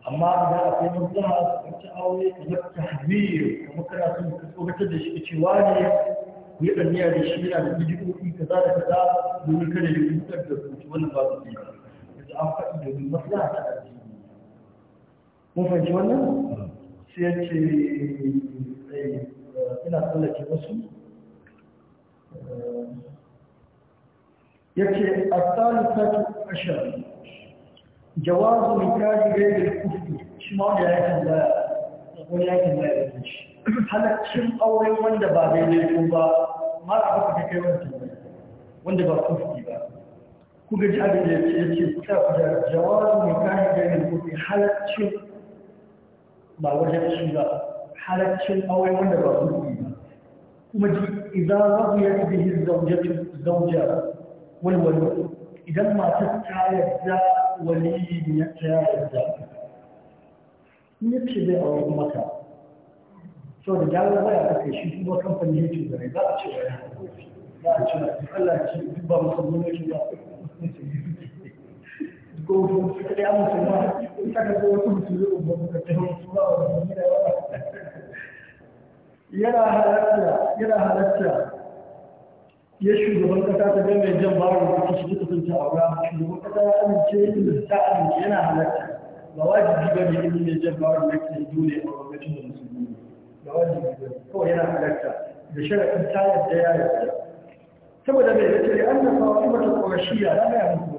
amma idan akwai matsala wacce aure kamar tahbir kamar kana son ka tsoratar da shi cewa ne ku yi ɗanniya da shi yana da bidiyoyi kaza da kaza domin kada ya cutar da kuma wannan ba su yi an faɗi domin maslaha ta addini mun fahimci wannan sai ya ce ina tsallake wasu ya ce a tsalisa ashar jawazu mikari gaibe kufi shi ma wanda ya kan baya wani yakin baya da shi halaccin aure wanda ba daidai ko ba mara haka ta kai wani wanda ba kufi ba ku gaji abin da ya ce ya ce ta jawazu mikari gaibe kufi halaccin ba wajen ba halaccin aure wanda ba mulki ba kuma ji idan rabu ya tafi yin zauja wani wani idan matar ta yarda wani ya ta yarda ya ce zai aure mata so da jawo baya ta kai shi kuma kamfanin yake da rai za a ce wa ya haɗu za a ce wa ya haɗu Allah ce duk ba musamman yake ba gobe ita dai an musulma in ka ga wasu musulmi ko gobe ka tafi musulma wa musulmi da yawa yana halatta yana halatta ya shugaban kasa ta gama jan baro da kishi duka sun ta aura shugaban kasa ya amince inda ta amince yana halatta ba wajibi ba ne inda jan baro da ke dole a gwamnatin da musulmi ba wajibi ba ne kawai yana halatta da sharaɗin tayar da ya yarda saboda mai da ce an da fatima ta ƙorashiya na gaya muku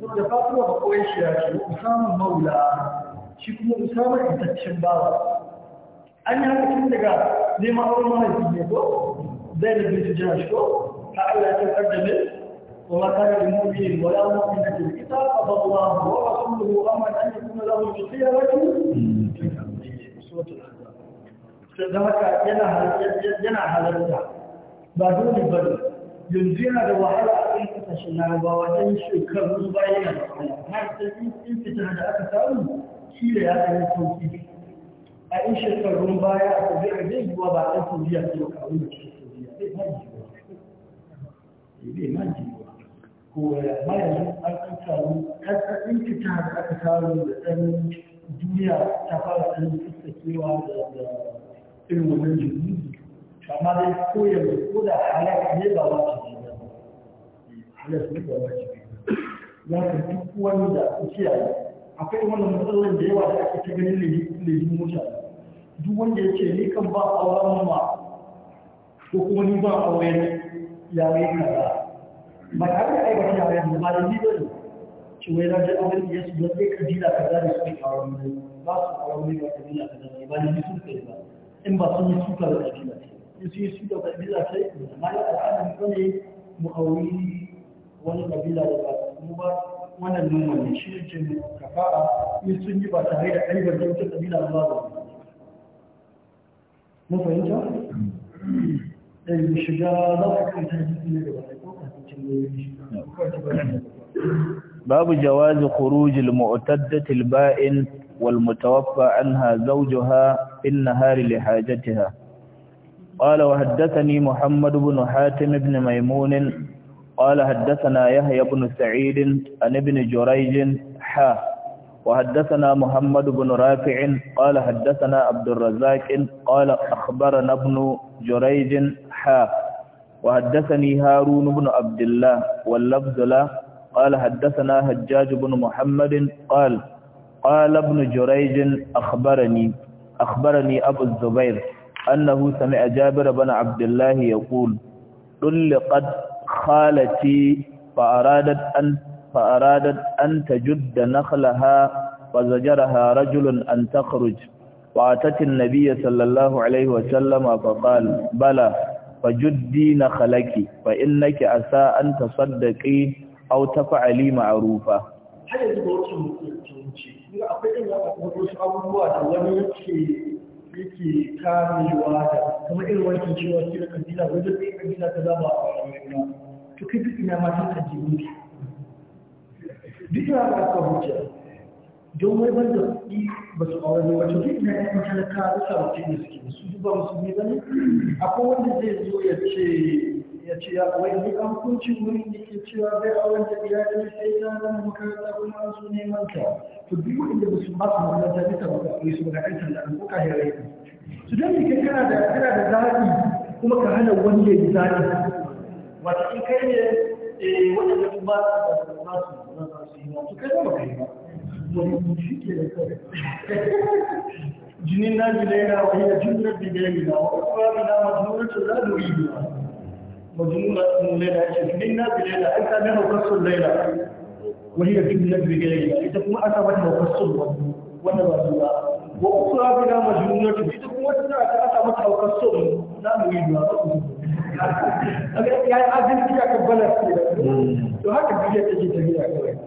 da fatima ba kawai shi ya ce usama maula shi kuma usama intaccen bawa an yi haka tun daga neman auren mahaifi ne ko zai da bin jihar ko ta allah ya tafi da mai وما كان لمؤمن ولا مؤمنة إذا قضى الله ورسوله أمرا أن يكون له الخيرة من سورة الأحزاب. ذاك ينا ينا هذا ba dole ba ne yanzu yana da wahala a ba bayan da har ya sauki a in baya a zai ba ɗan saudiya ta yau kawo da cikin saudiya jiwa jiwa ko ya ɗan da aka samu da duniya ta fara ɗan da irin wannan jirgin amma dai ko da ko da halaka ne ba wata halas ne da wajibi ya ka duk wanda ku kiyaye akwai wannan matsalar da yawa da ake ta ganin lejin mutane duk wanda ya ce ni kan ba a auren ma ko kuma ni ba a auren yare kaza ba tare da aibata yare da ba da ni ba ne ci wai na ji auren ya su don sai kabila kaza da suke auren mai ba su auren mai ba kabila kaza ne ba da ni sun kai ba in ba sun yi suka da kabila ce in sun yi suka da kabila ce ma ya al'adar ne mu auri wani kabila da ba su ba wannan nan wannan shi ne ce kafara in sun yi ba tare da aibar da wata kabila ba ba mun fahimta eh shiga za ka kai ta jiki ne gaba ko ka cin ne ko ta bayani باب جواز خروج المعتدة البائن والمتوفى عنها زوجها في النهار لحاجتها قال وحدثني محمد بن حاتم بن ميمون قال حدثنا يحيى بن سعيد عن ابن جريج حا وحدثنا محمد بن رافع قال حدثنا عبد الرزاق قال أخبرنا ابن جريج حا وحدثني هارون بن عبد الله واللفظ له قال حدثنا هجاج بن محمد قال قال ابن جريج أخبرني أخبرني أبو الزبير أنه سمع جابر بن عبد الله يقول طلقت خالتي فأرادت أن فأرادت أن تجد نخلها فزجرها رجل أن تخرج وأتت النبي صلى الله عليه وسلم فقال بلى فجدي نخلك فإنك عسى أن تصدقي أو تفعلي معروفا hanyar da wasu mutum ce, akwai ɗin ya abubuwa da wani yake yake kamewa da kuma irin wancan cewa ce da kabila wajen kai kabila ta zama a rayuwa to kai duk ina ma ta jini ne duk ina ba ka hujja don wai ban da kuɗi ba su aure ne wato duk ina yan talaka da sa mutum da suke su duba musulmi ba ne akwai wanda zai zo ya ce ya ce ya wani an kunci wurin da ke cewa bai auren da iyali sai ta zama makaranta kuma an su neman ta to duk wanda ba su ba su ta bisa ba ka su ba aikin da an kuka ya rai su don ne kana da kana da zaɓi kuma ka hana wani ya yi zaɓi wata in kai ne eh, waɗanda su ba su ba su ba su yi ba su kai ba kai ba wani shi ke da kawai jinin na jilai na wani da jinin da jilai na wani kuma na majalisar da da wuri ba مجنون ليلى من ناس ليلى أنت منه قص ليلى وهي في النبي ليلى إذا كما أتى منه قص وأنا رسول وأخرى بلا مجنونة إذا كما أتى منه قص لا نريد يعني عزيز كده كبلا كده وهكذا بيجي تجي تجي كده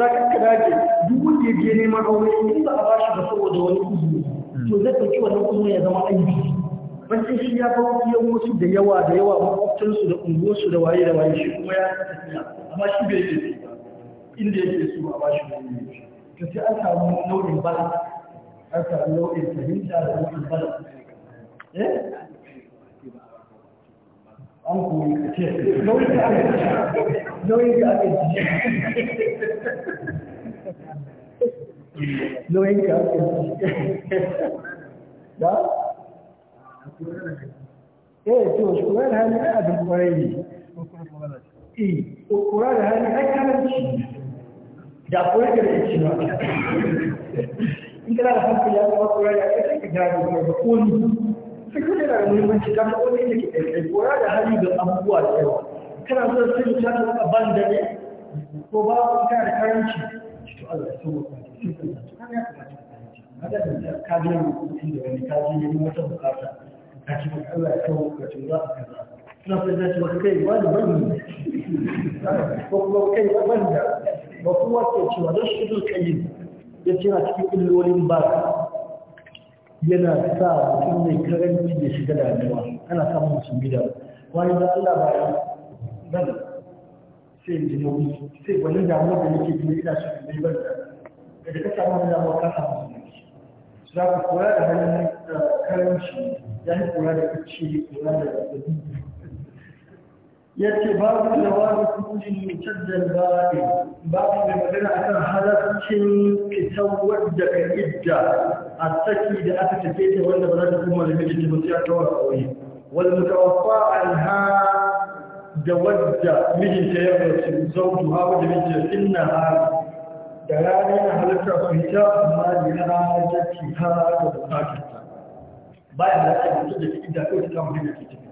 za ka ka dace duk wanda ya je neman aure in ba a bashi ba saboda wani uzuri to zai ɗauki wannan uzuri ya zama aiki bacin shi ya kawo kiyan wasu da yawa da yawa makwabtansu da unguwarsu da waye da waye shi kuma ya ta tafiya amma shi bai yi ba inda yake so a ba bashi wani shi to sai an samu nau'in bala an samu nau'in fahimta da nau'in bala eh an koyi ka ce nau'in da aka ci? nau'in ka aka ce nau'in da eh to shi da hali ai abin kwarai ne eh da hali ai kalanci da koyar da shi ba in kana da hankali ya kuma kula da kai ka gani ko da koli sai kuma da muhimmanci ka ga wani ke kai kula da hali ga abubuwa da yawa kana son sai ka ta maka banda ne ko ba ku kana da karanci to Allah ka sai ka ta kana ka ta ka ka ka wata bukata a cikin Allah ya kawo za a kaza suna sai zai ce ba kai wani bani ko kuma kai ba da. ba kuma ke cewa don shi zai kayi ya ce a cikin illolin ba yana sa mutum mai karanci ya shiga damuwa ana samun mutum gida wani da Allah ba ya nan sai in ji nauyi sai wani damuwa da yake jini ina shi mai ban da daga ka samu wani damuwa ka samu su ne su za ku koya da hannun eh, karanci dan kula da kuci kula da kuci yace babu jawabi kuci mutaddal ba'i babu mai magana akan halaccin fitawar da kan idda a saki da aka tafe ta wanda ba za ta kuma da mijinta ba sai a kawar aure wal mutawaffa anha da wadda mijinta ya rasu zaujuha wadda mijinta inna ha da ranar halitta fahimta amma da ranar da ke ha da bukatarta ba ya da tsaye mutum da ke inda kawai ta kama hanyar ke ciki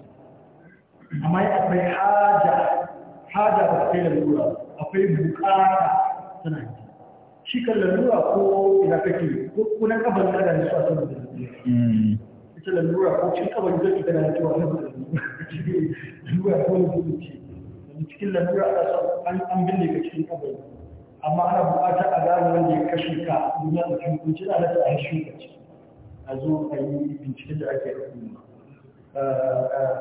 amma ya akwai haja haja ba kai lalura akwai bukata tana yi shi kan lalura ko ina kake ko kunan kabar da da su a saman da ita lalura ko cikin kabar da ke gana cewa na da lalura ko na gudu ce cikin lalura a an binne ka cikin kabar amma ana bukata a gano wanda ya kashe ka duniya da cikin kunci na da ta a shi a zo a yi bincike da ake hukuma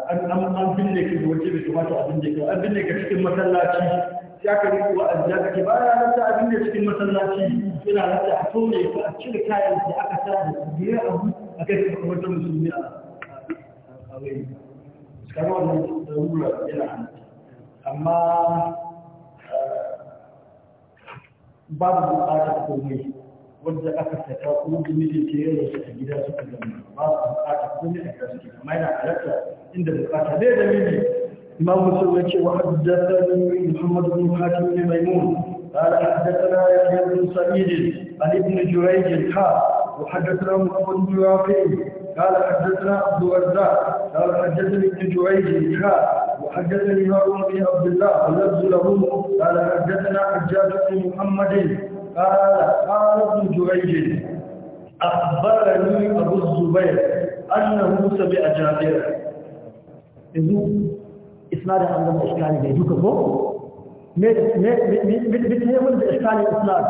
an an an binne ka waje bai kamata a binne ka an binne ka cikin masallaci sai aka yi kuwa an zaka ke baya nan ta binne cikin masallaci yana nan ta fito ne ko a cire kayan da aka sa da biya abu a kai ka kamar musulmi a a wai kamar wannan darura yana amma babu bukatar komai wadda aka saka ko mijin ce ya rasu a gida suka gama ba a bukata komai a gida suke amma yana halatta inda bukata dai da miji imam muslim ya ce wa haddathani muhammad bin hatim bin maimun قال حدثنا يحيى بن سعيد عن ابن جريج قال وحدثنا محمد بن رافع قال حدثنا عبد الرزاق قال حدثني ابن جريج قال وحدثني هارون بن عبد الله ولفظ له قال حدثنا حجاج بن محمد قال قال ابن جريج أخبرني أبو الزبير أنه سمع جابر إذن إسناد عندنا إشكال بيجوك هي متهيمون بإشكال الإسناد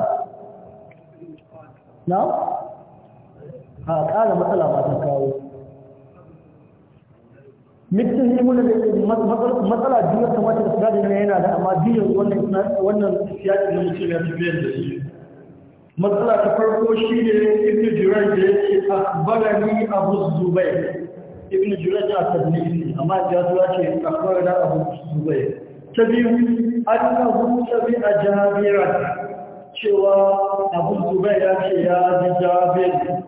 نعم هذا مثلا ما تكاو متهمون matsala biyu kamata da sinadari na yana da amma biyu wannan wannan siyasin na musulmi ya tafiyar da shi matsala ta farko shi ne ibn jurai da ya ce a akbarani abu zubai ibn jurai da tabbini amma ya zuwa ce akbarani abu zubai ta biyu an na huta bi a jami'ar cewa abu zubai ya ce ya ji jami'ar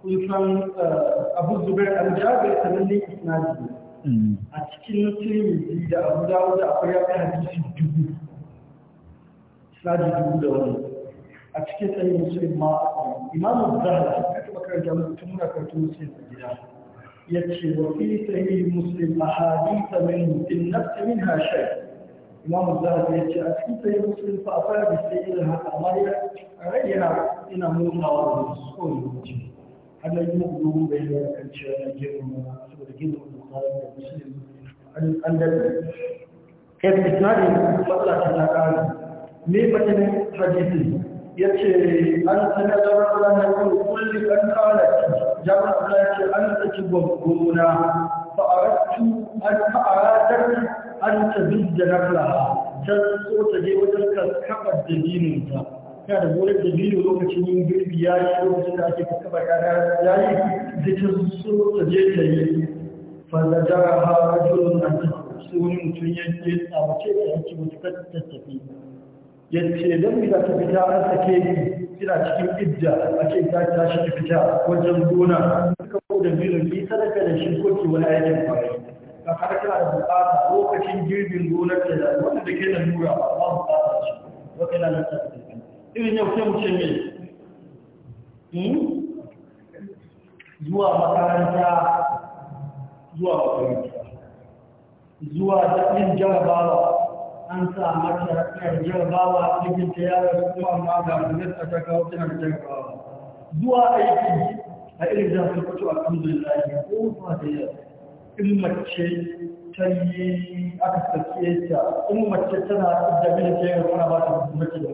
kun san eh, abu zubai an jami'ar sanannin isnadi hmm. a cikin tirmidhi da abu da da akwai ya kai hadisi dubu isnadi dubu da wani a cikin tsayin musulun ma imamu zahra ka taɓa karanta musu tun muna karatu musulun a gida ya ce wa fi sahih muslim ahaditha min in nafsi min ha shay imamu zahra ya ce a cikin sahih muslim fa akwai da sai irin haka amma ya rai yana ina mutawa da su ko lokaci har na yi muku dubu bai yi kan cewa na girma saboda girma da tsarin da musulun an dalilin kai da isnadin matsala ta ta ƙara me matsalin hadisin Ya ce an sanar da wannan kuma kulli kan kala jama'a ce an saki Ba a aratu an fa'aratar an da naklaha ta so ta je wajen kaskaba da dinin ta kana da wurin da biyu lokacin yin girbi ya yi lokacin da ake kaskaba kana ya yi da ta so ta je ta yi fa da jara ha rajulun an so wani mutum ya ce a mace da yake mutukar tattafi yace dan don ta fita an sake ni kira cikin idda ake ta tashi ta fita wajen gona suka ko da birin ni sadaka da shi ko ki wani aikin kwaye ka har kana da bukata lokacin girbin gonar ta da wanda da ke da nura Allah ba bukata shi wata na ta da irin yau sai mu ce ne hmm? zuwa makaranta zuwa makaranta zuwa yin jarabawa an sa mata jarrabawa cikin ta yaro kuma amma ga gwamnati ta kawo tana da jarrabawa zuwa aiki a irin da su fito alhamdulillah ko ba da yau in mace ta yi aka sake ta in mace tana da da ta yaro kuna ba ta gwamnati da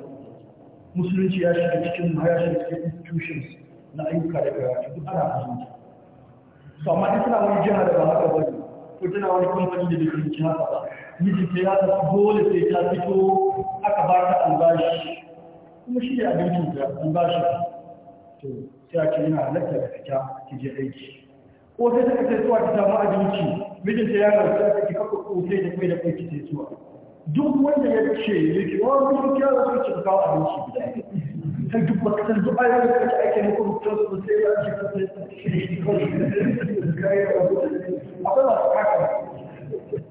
musulunci ya shiga cikin ya shiga cikin institutions na ayyuka da karatu duk ana fahimta to amma ita na wani jihar da ba haka bane Ko tana wani kamfani da bai ci haka ba miji ta ya tafi dole sai ta fito aka ba ta albashi kuma shi ne abincin da albashi to sai a ce yana halatta da fita ki je aiki ko sai ta kasai suwa ta samu abinci mijin ta ya rasu ta ki kafa kotai da kai da kai ki sai suwa duk wanda ya ce yake wani kyawun kyawun kyawun kyawun kawo abinci gida ta duk makasar duk ayyar da kake ake muku rubuta su sai ya ce ka sai akwai masu haka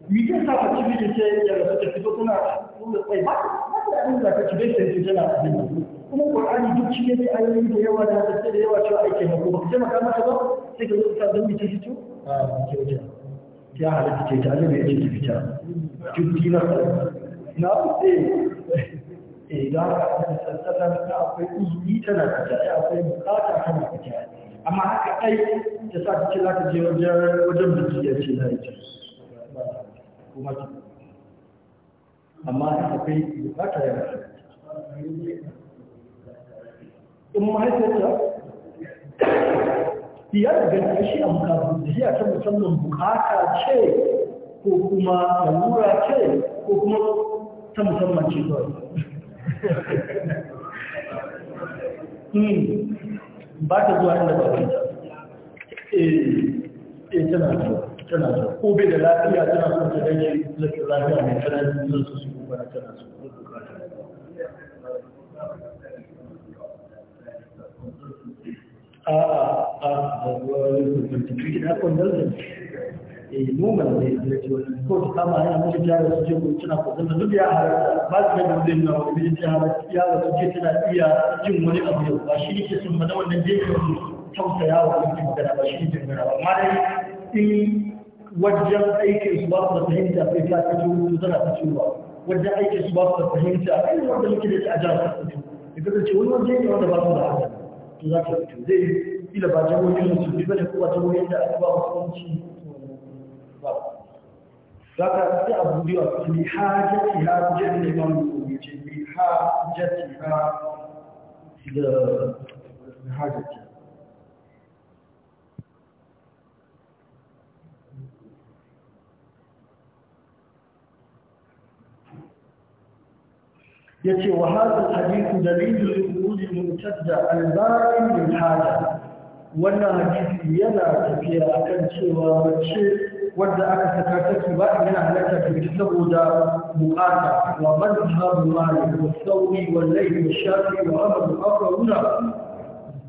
mi ke sa ka ci ce ya rasu ta fito kuna kuma tsaye ba ba da abin da ka ci bai sai ke a cikin kuma Qur'ani duk shi ne ayoyi da yawa da hadisi da yawa cewa ake muku ba sai maka maka ba sai ka zo ka dan mi ce shi to a ke wajen ya halatta ce ta Allah ya ce ki fita duk dinar na ku sai eh da haka an sassalar ta da jaye akwai da amma haka ai sa ta ce za ta je wajen biki ya ce za ta kuma ta amma akwai bukata ya rasu in mahaifiyarta biyar ganin shi a bukatu da jiya ta musamman bukata ce ko kuma lalura ce ko kuma ta musamman ce kawai Hmm. ba ta zuwa inda ba ta eh, eh tana zuwa tana zuwa ko bai da lafiya tana son ta ganye lafiya lafiya mai tsanani zan su su kuma tana so ko bukata a a a da ruwa wani kwanci na kwanci mu malamai da ke wani ko ta kama yana mutu ta yara su ce ko tana kwasan da duk ya halatta ba su da mutum na wani mijin ta halatta yara su ce tana iya jin wani abu yau ba shi ke sun mana wannan jerin tausaya wa wani magana ba shi ne magana ba amma dai in wajen aikin su ba su da fahimta sai ta ta ciwo tana ta ciwo ba wajen aikin su ba su da fahimta a irin wanda muke da shi a jihar ta ciwo da kasance wani waje ne wanda ba su da hankali to za ta fito zai yi ila ba jagoyin su bi bane ko ba jagoyin da aka ba hukunci zaka sai abu biyu a cikin hajjati ha wajen neman mutum ce bi hajjati ha da hajjati yace wa hadha hadithu dalilul qulul mumtadda da bari min hada wannan hadisi yana tafiya kan cewa mace wadda aka saka ta kiba yana halatta ta bi saboda bukata wa mazhabu malik wa sauri wa layl wa shafi wa ahmad wa akharuna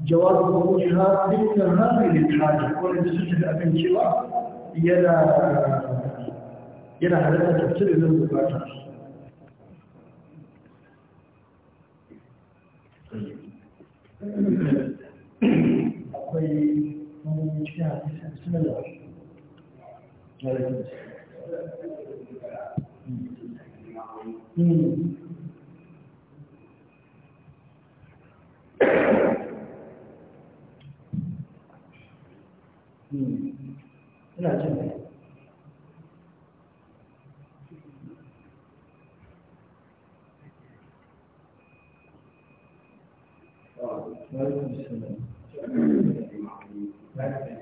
jawab qawliha dukkan hadhihi al-haja wanda suke da abin cewa yana yana halatta ta tafsirin bukata akwai wani cikin hadisi sunan da ina jin ne Thank you.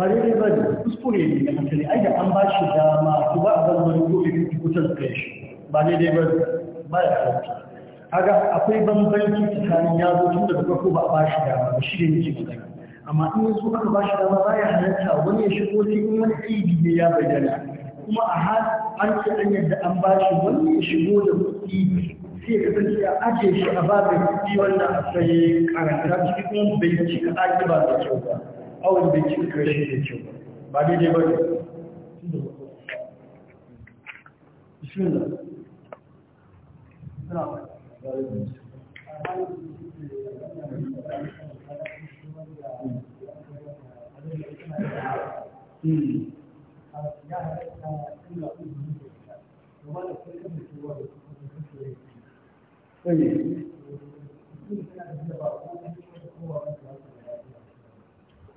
ba daidai ba ne kuskure ne da hankali ai da an ba shi dama ku ba a zama wani gobe ku kutar da shi ba daidai ba ba ya halatta kaga akwai bambanci tsakanin ya zo tun daga farko ba a ba shi dama ba shi ne yake magana amma in yanzu aka ba shi dama ba ya halarta wani ya shigo sai in wani aibi ne ya bayyana kuma a har an ce an yadda an ba shi wani ya shigo da kuɗi sai ka san cewa ajiye shi a babin kuɗi wannan sai karanta cikin bai cika ɗaki ba da kyau ba awon da ke karshe da kyau ba daidai ba ne Thank hmm. you. Hmm.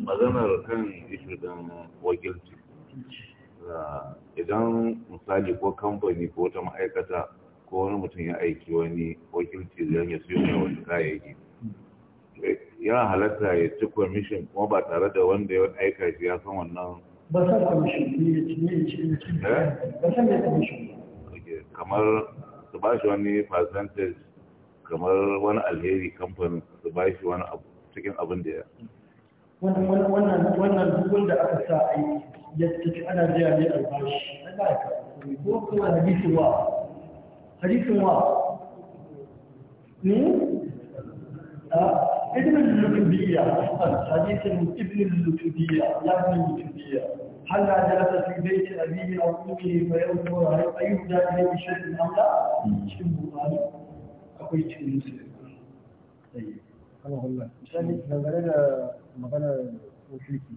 maganar kan isu ɗin wakilci idan misali ko kamfani ko wata ma'aikata ko wani mutum ya aiki wani wakilci zai ya siyo wasu kayayyaki ya halatta ya ci kwamishin kuma ba tare da wanda ya aika shi ya san wannan ba san kwamishin ne ya ci eh? kamar su ba wani percentage kamar wani alheri kamfanin su ba shi wani abu cikin abin da ya wannan dukkan da aka sa a ya tafi ana jiya ne albashi ana ka ko kuma hadisin wa hadisin wa ne a ibn al-lutubiyya hadisin ibn al-lutubiyya ya ibn al-lutubiyya هل جلس في بيت أبيه أو أمه فينظر هل أيهدى إليه شيء أم لا؟ شنو akwai cikin musulmi misali dangane da maganar wakilki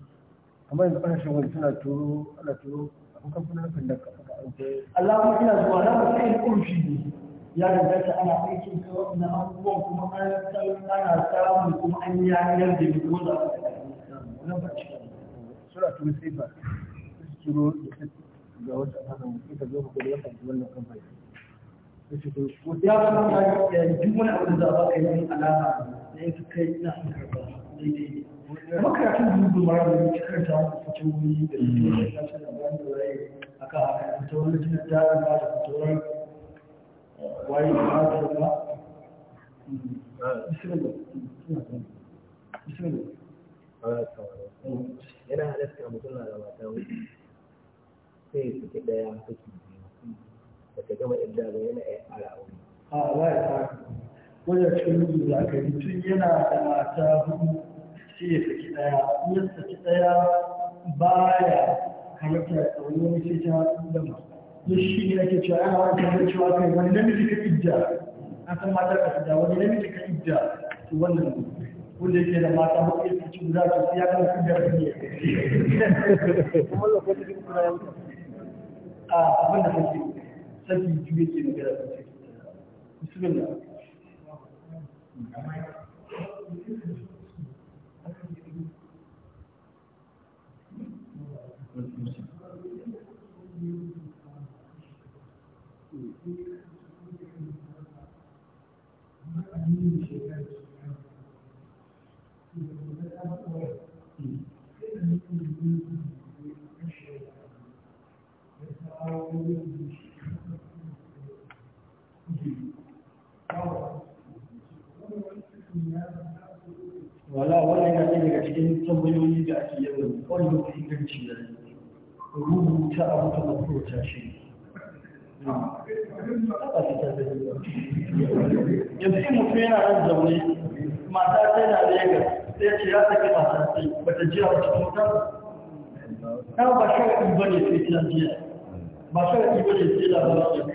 kamar yanzu wani suna turo ana turo da kafa ina zuwa na mutum ƙurfi ne ya danganta ana aikin kawai na abubuwan kuma an ana kuma an yi yanar da mutum wanda aka wannan ba shi suna turo sai ba su turo da ga wata ita zo wannan ya zama ya duk wani abu da za a ba ka yi alama na yanzu kai na an karba daidai da wani fito da da bayan da a kan fito uh, wani ba da fito wani da ba da yana halatta mutum na da mata sai su daya ba gama ba yana ya fara a ba ya wanda cikin da aka yi tun yana da mata hudu sai ya saki daya ya saki daya baya halatta ya tsawo wani sai ta dama to shi ne ake cewa ana wani kamar cewa yi wani namiji ka idda an san mata ka idda wani namiji ka idda to wannan wanda yake da mata mafi ya saki guda to sai ya kama da ne kuma lokacin da kuma ya wuce a abin da kake saki biyu yake magana Thank you. wala wannan yana ɗaya daga cikin tambayoyi da ake yawan kawai da kuma inganci da rubuta abu ta mafi shi yanzu mutum yana nan zaune mata ta yana ga sai ce ya saki mata sai bata jiya wata cuta na ba shawaki ba ne sai ta jiya ba shawaki ba ne sai labarin da kai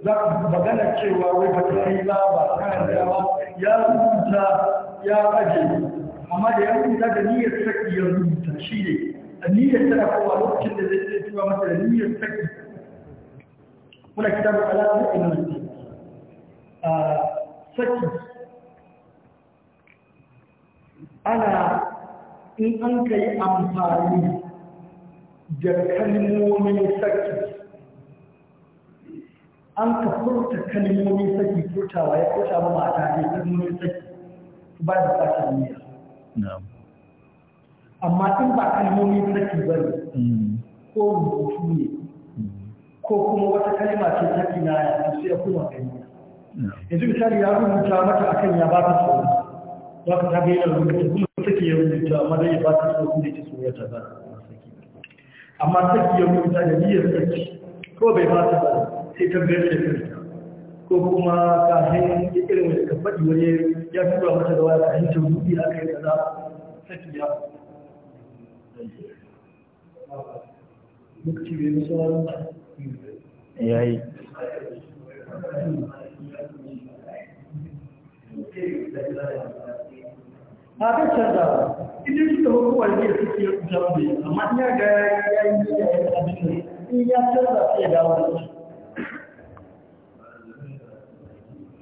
gari magana cewa wai ba ta yi ba ba ta yi ba ya rubuta ya aje amma da ya rubuta da niyyar saki ya rubuta shi ne da niyyar tana kowa lokacin da zai iya tura masa da niyyar saki muna kitabun alamun imanci a saki ana in an ka yi amfani da kalmomin saki an ka furta kalmomi saki furtawa ya furta ma mata ne kalmomi saki ba da bukatar niyya amma in ba kalmomi saki ba ne mm. ko rubutu ne mm. ko kuma wata kalma ce na ya to sai ya kuma kai yanzu misali ya rubuta mata akan ya ba ta tsoro za ka ta bayyana rubutu kuma take ya rubuta amma dai ya ba ta tsoro kuma ya tsoro ya ta ba amma saki ya rubuta da niyyar saki ko bai ba ta ba sai ta bayar da kanta ko kuma kafin ya irin wani ka faɗi wani ya tura mata da waya kafin ta rubi ya kai kaza saki ya lokaci bai musu wani ya yi a kan canza idan shi da hukumar da suke jambe amma ina ga yayin da ya yi abin da in ya canza sai ya dawo da shi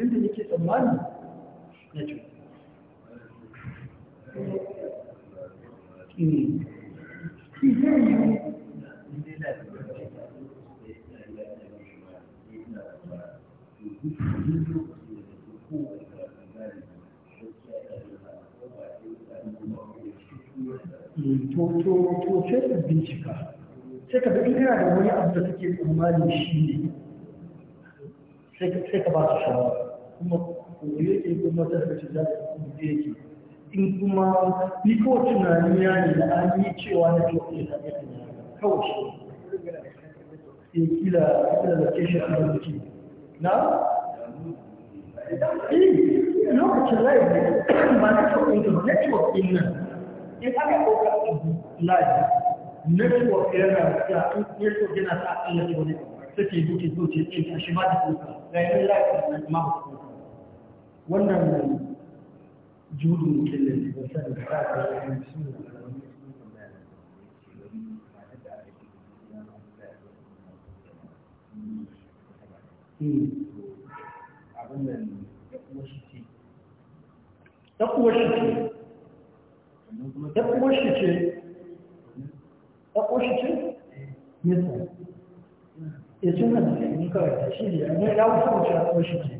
abinda yake tsammani ya ce to da bincika sai ka in kana da wani abu da kake tsammani shi ne sai ka ba su shawara kuma ya ke kuma tarkace za ta kuma ke in kuma ni ko tunani ya ne da an yi cewa na to ke da yake kawai ya eh, kila kila da ke shi an zuci na eh lokacin live ne ba na to in network din nan in aka dauka abu live network yana da network yana sa Allah ne take duke so ce in shi ba da kuka ga yana na ma wannan judin killin da sa da sa ta yi suna da ya kuma ce ya kuma ya kuma shi ce kuma shi ce ya sa ya da ne wuce wuce ya kuma shi ce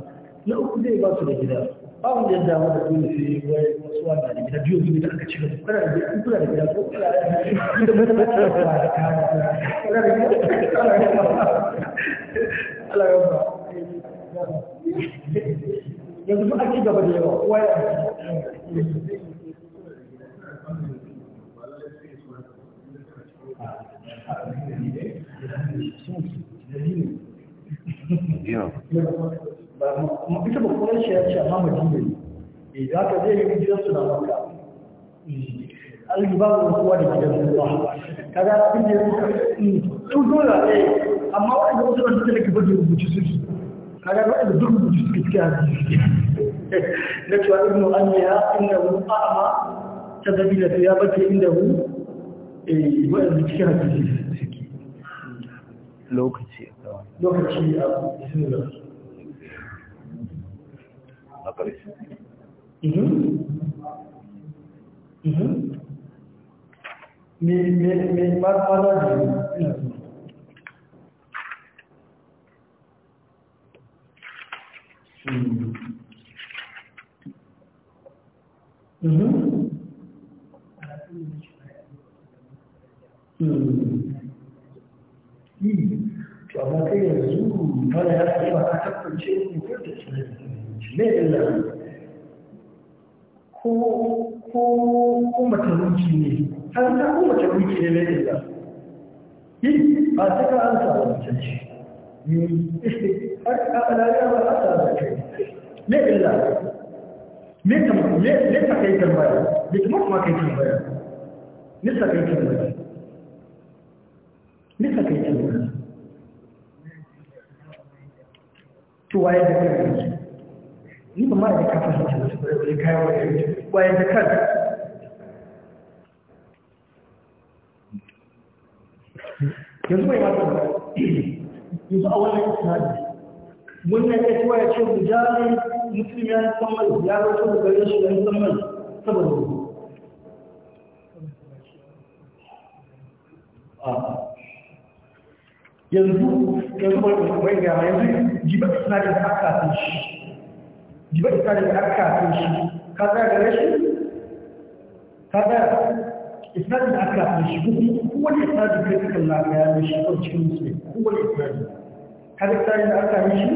na uku zai ba su da gida ba wanda da su wasu wanda da gida biyu biyu da aka su da gida kuna da gida ko kuna da gida da kuna da gida ya ba yanzu gaba da yawa kowa ya Yeah. ba ita ba kuma shi ya ce amma ne eh, da ka zai yi gidan su maka eh, ba kowa da gidan abin da ya mm, ne amma wasu bada rubuci suke duk rubuci suke suke na cewa ibnu amiya a'ma ta ya bace cikin suke lokaci lokaci a na ƙarshe mai ne Mm-hmm. Mm-hmm. Hmm. amma yanzu ya fi ka a tabbance da tsanani me illa ko ko ko ne ta ko mataruki ne me illa yi ba ta ka an samu mutum ce a alariya ba a samu kai me illa me ta kai tambaya bai kuma kuma kai kai to waye da kan ni ba ma da ka fahimta su bare bare kai yanzu. waye da kan yanzu mai wata yanzu a wannan tsari mun ya ce mu ce mujahid muslim ya san ya rawaito da gare shi ya san saboda a yanzu yanzu bai gama yanzu jiba sinadari da aka kafin shi jiba sinadari da aka kafin shi ka tsaya gare shi ka tsaya isnadin da aka kafin shi ko kowane da kai suka lagaya shi ko cikin musulmi kowane isnadin ka ga isnadin da aka kafin shi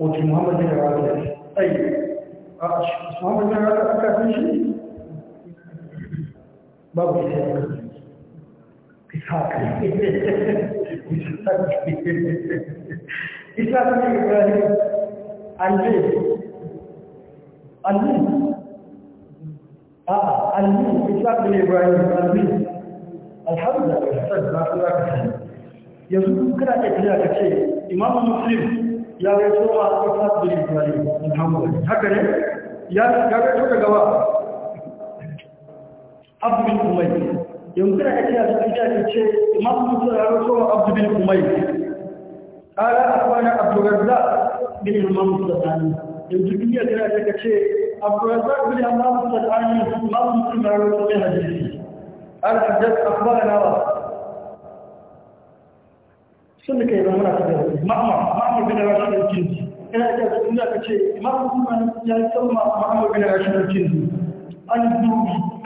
wato muhammad bin rawat ai a muhammad bin aka kafin shi babu shi. isa ne ibrahim allin allin a'a allin isa ne ibrahim allin yanzu kana da kira ka ce imam muslim ya ga tsowa isa ne ibrahim alhamdulillah haka ne ya ga tsoka gaba abdul umayyi yankin da ake yasa ita ke ce masu mutu ya rufo wa abu bin umai ƙara a kwanar abdurazza bin imam musulmani yanzu duniya tana da ka ce abdurazza bin imam musulmani masu mutu ya rufo mai hajjiji ƙara a jas a kwanar nawa sun da ka yi zamana ta gari ma'amma ma'amma bin rashin jirgin ina ita su duniya ka ce masu mutu ya rufo ma'amma bin rashin jirgin an yi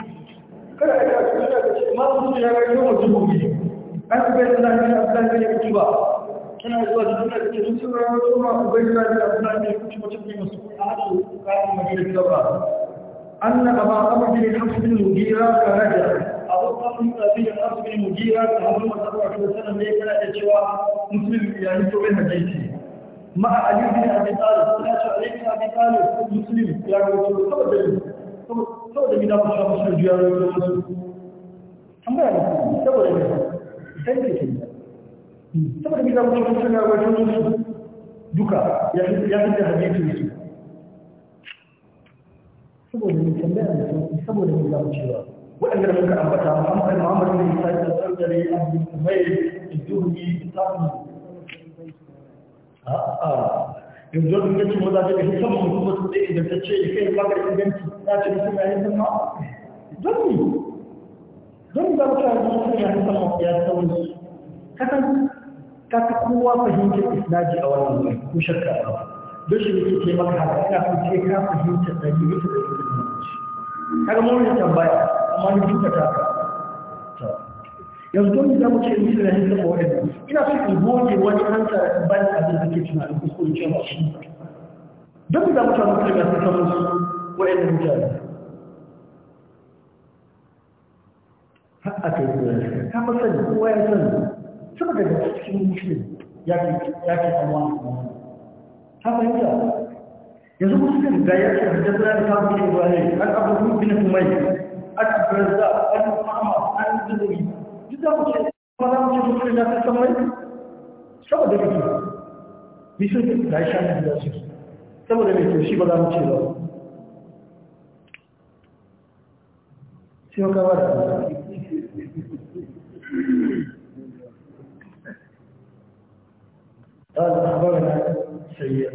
ما a ga su da ce ma su ya ga أن بن الحفظ بن المجيرة كهجر أبو بن الحفظ بن المجيرة كهجر صلى بن أبي طالب لا شعريك أبي طالب مسلم يعني وصول خبر saboda gida kusa, shafa juya da saboda saboda gida ku shafa suna rai ko wasu duka ya fi da saboda ne tambaya saboda cewa waɗanda muka ambata muhammad muhammad bin isa da tsardare abu mai da duhu ne da samun yanzu wani gancin maza ta kai sama kuma sun tsaye idan ta ce ya kai bakar ta ce mutum ya yi sama don ni don za ta yi kuma ya yi sama ya sauri kasan ka ta kowa fahimtar isnadi a wannan ko shakka ba don shi yake ce maka haka ina son ce ka fahimtar da ni bisa da ita da mutunci kaga mun tambaya amma ni duka ta yanzu don za mu ce ni da ina so in goge wani hanta ban abin da ke tunanin kuskure ce ba shi don za mu ta mutu da ta samu su waɗanda mutane har a kai kuwa ta masani kowa ya sani sama daga cikin musulun ya ke amma ta fahimta yanzu musulun ga ya ce hajjabla da kuma ibrahim an abubuwan bin kumai an abrazza an muhammad an zuburi duk za ce kuma za mu mutum na ta mai saboda bi sun da da su saboda mai to shi ba za mu ce ba sai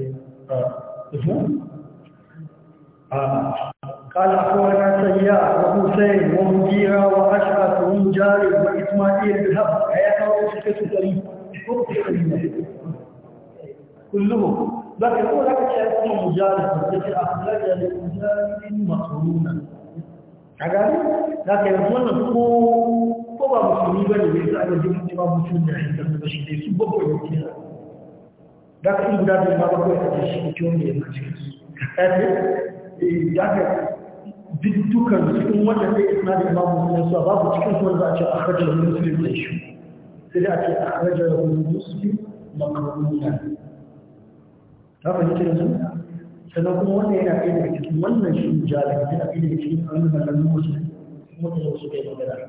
ka ba da حسين ومجيرة وأشعث ومجارب وإسماعيل بالهب حياته وشكة سليم كل سليم كلهم بس يقول لك شيء اسمه مجارب بس أخرج لمجارب مصرونا عقالي لكن يقول لك هو هو مسلمين بني بيسا أنا جيب أنت ما مسلمين عند المبشر ليس بابا يمتنا لكن يقول لك ما بقوة تشكتون لي المجرس أدري جاكت dukkan cikin wannan sai isnadin imamu muslim babu cikin su wanda a ce akhrajahu muslim da shi sai da ake akhrajahu muslim makaruna ta fahimci yanzu sannan kuma wanda yana ɗaya daga cikin wannan shi mujalik yana ɗaya daga cikin ayyukan da muslim kuma da suka yi magana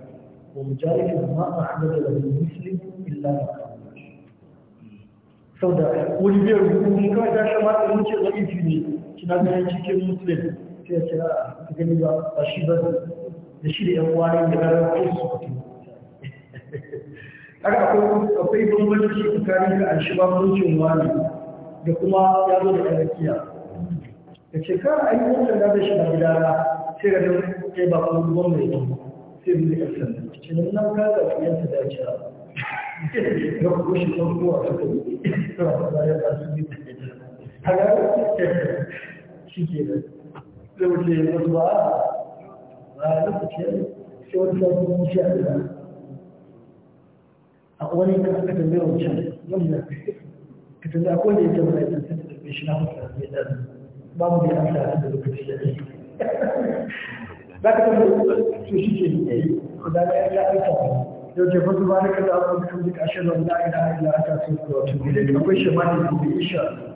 wa mujalik ma akhrajahu muslim illa makaruna sau da wani biyar hukumu kawai ta shama ɗin wuce zai fi ne kina ganin cikin muslim sai akwai bambanci tsakanin da alshiba mulkin wani da kuma ya zo da ɗarakiya da a yi da sai ga don kai ba kuma ruwan mai yi sai mu da sannan ce nan ka ga fiyan ta dace kuma shi kan kowa ta kai da su shi ke da sai wuce ya ba a lokacin wani sha da a wani ka aka tambaya wancan wannan ka tambaya ko ne ya tambaya da bai shi na da dan babu da ya amsa da lokaci da ya za ka to shi ne ku da ya aika yau ce fasu ba da ka da abubuwan da da ya ila ila da ya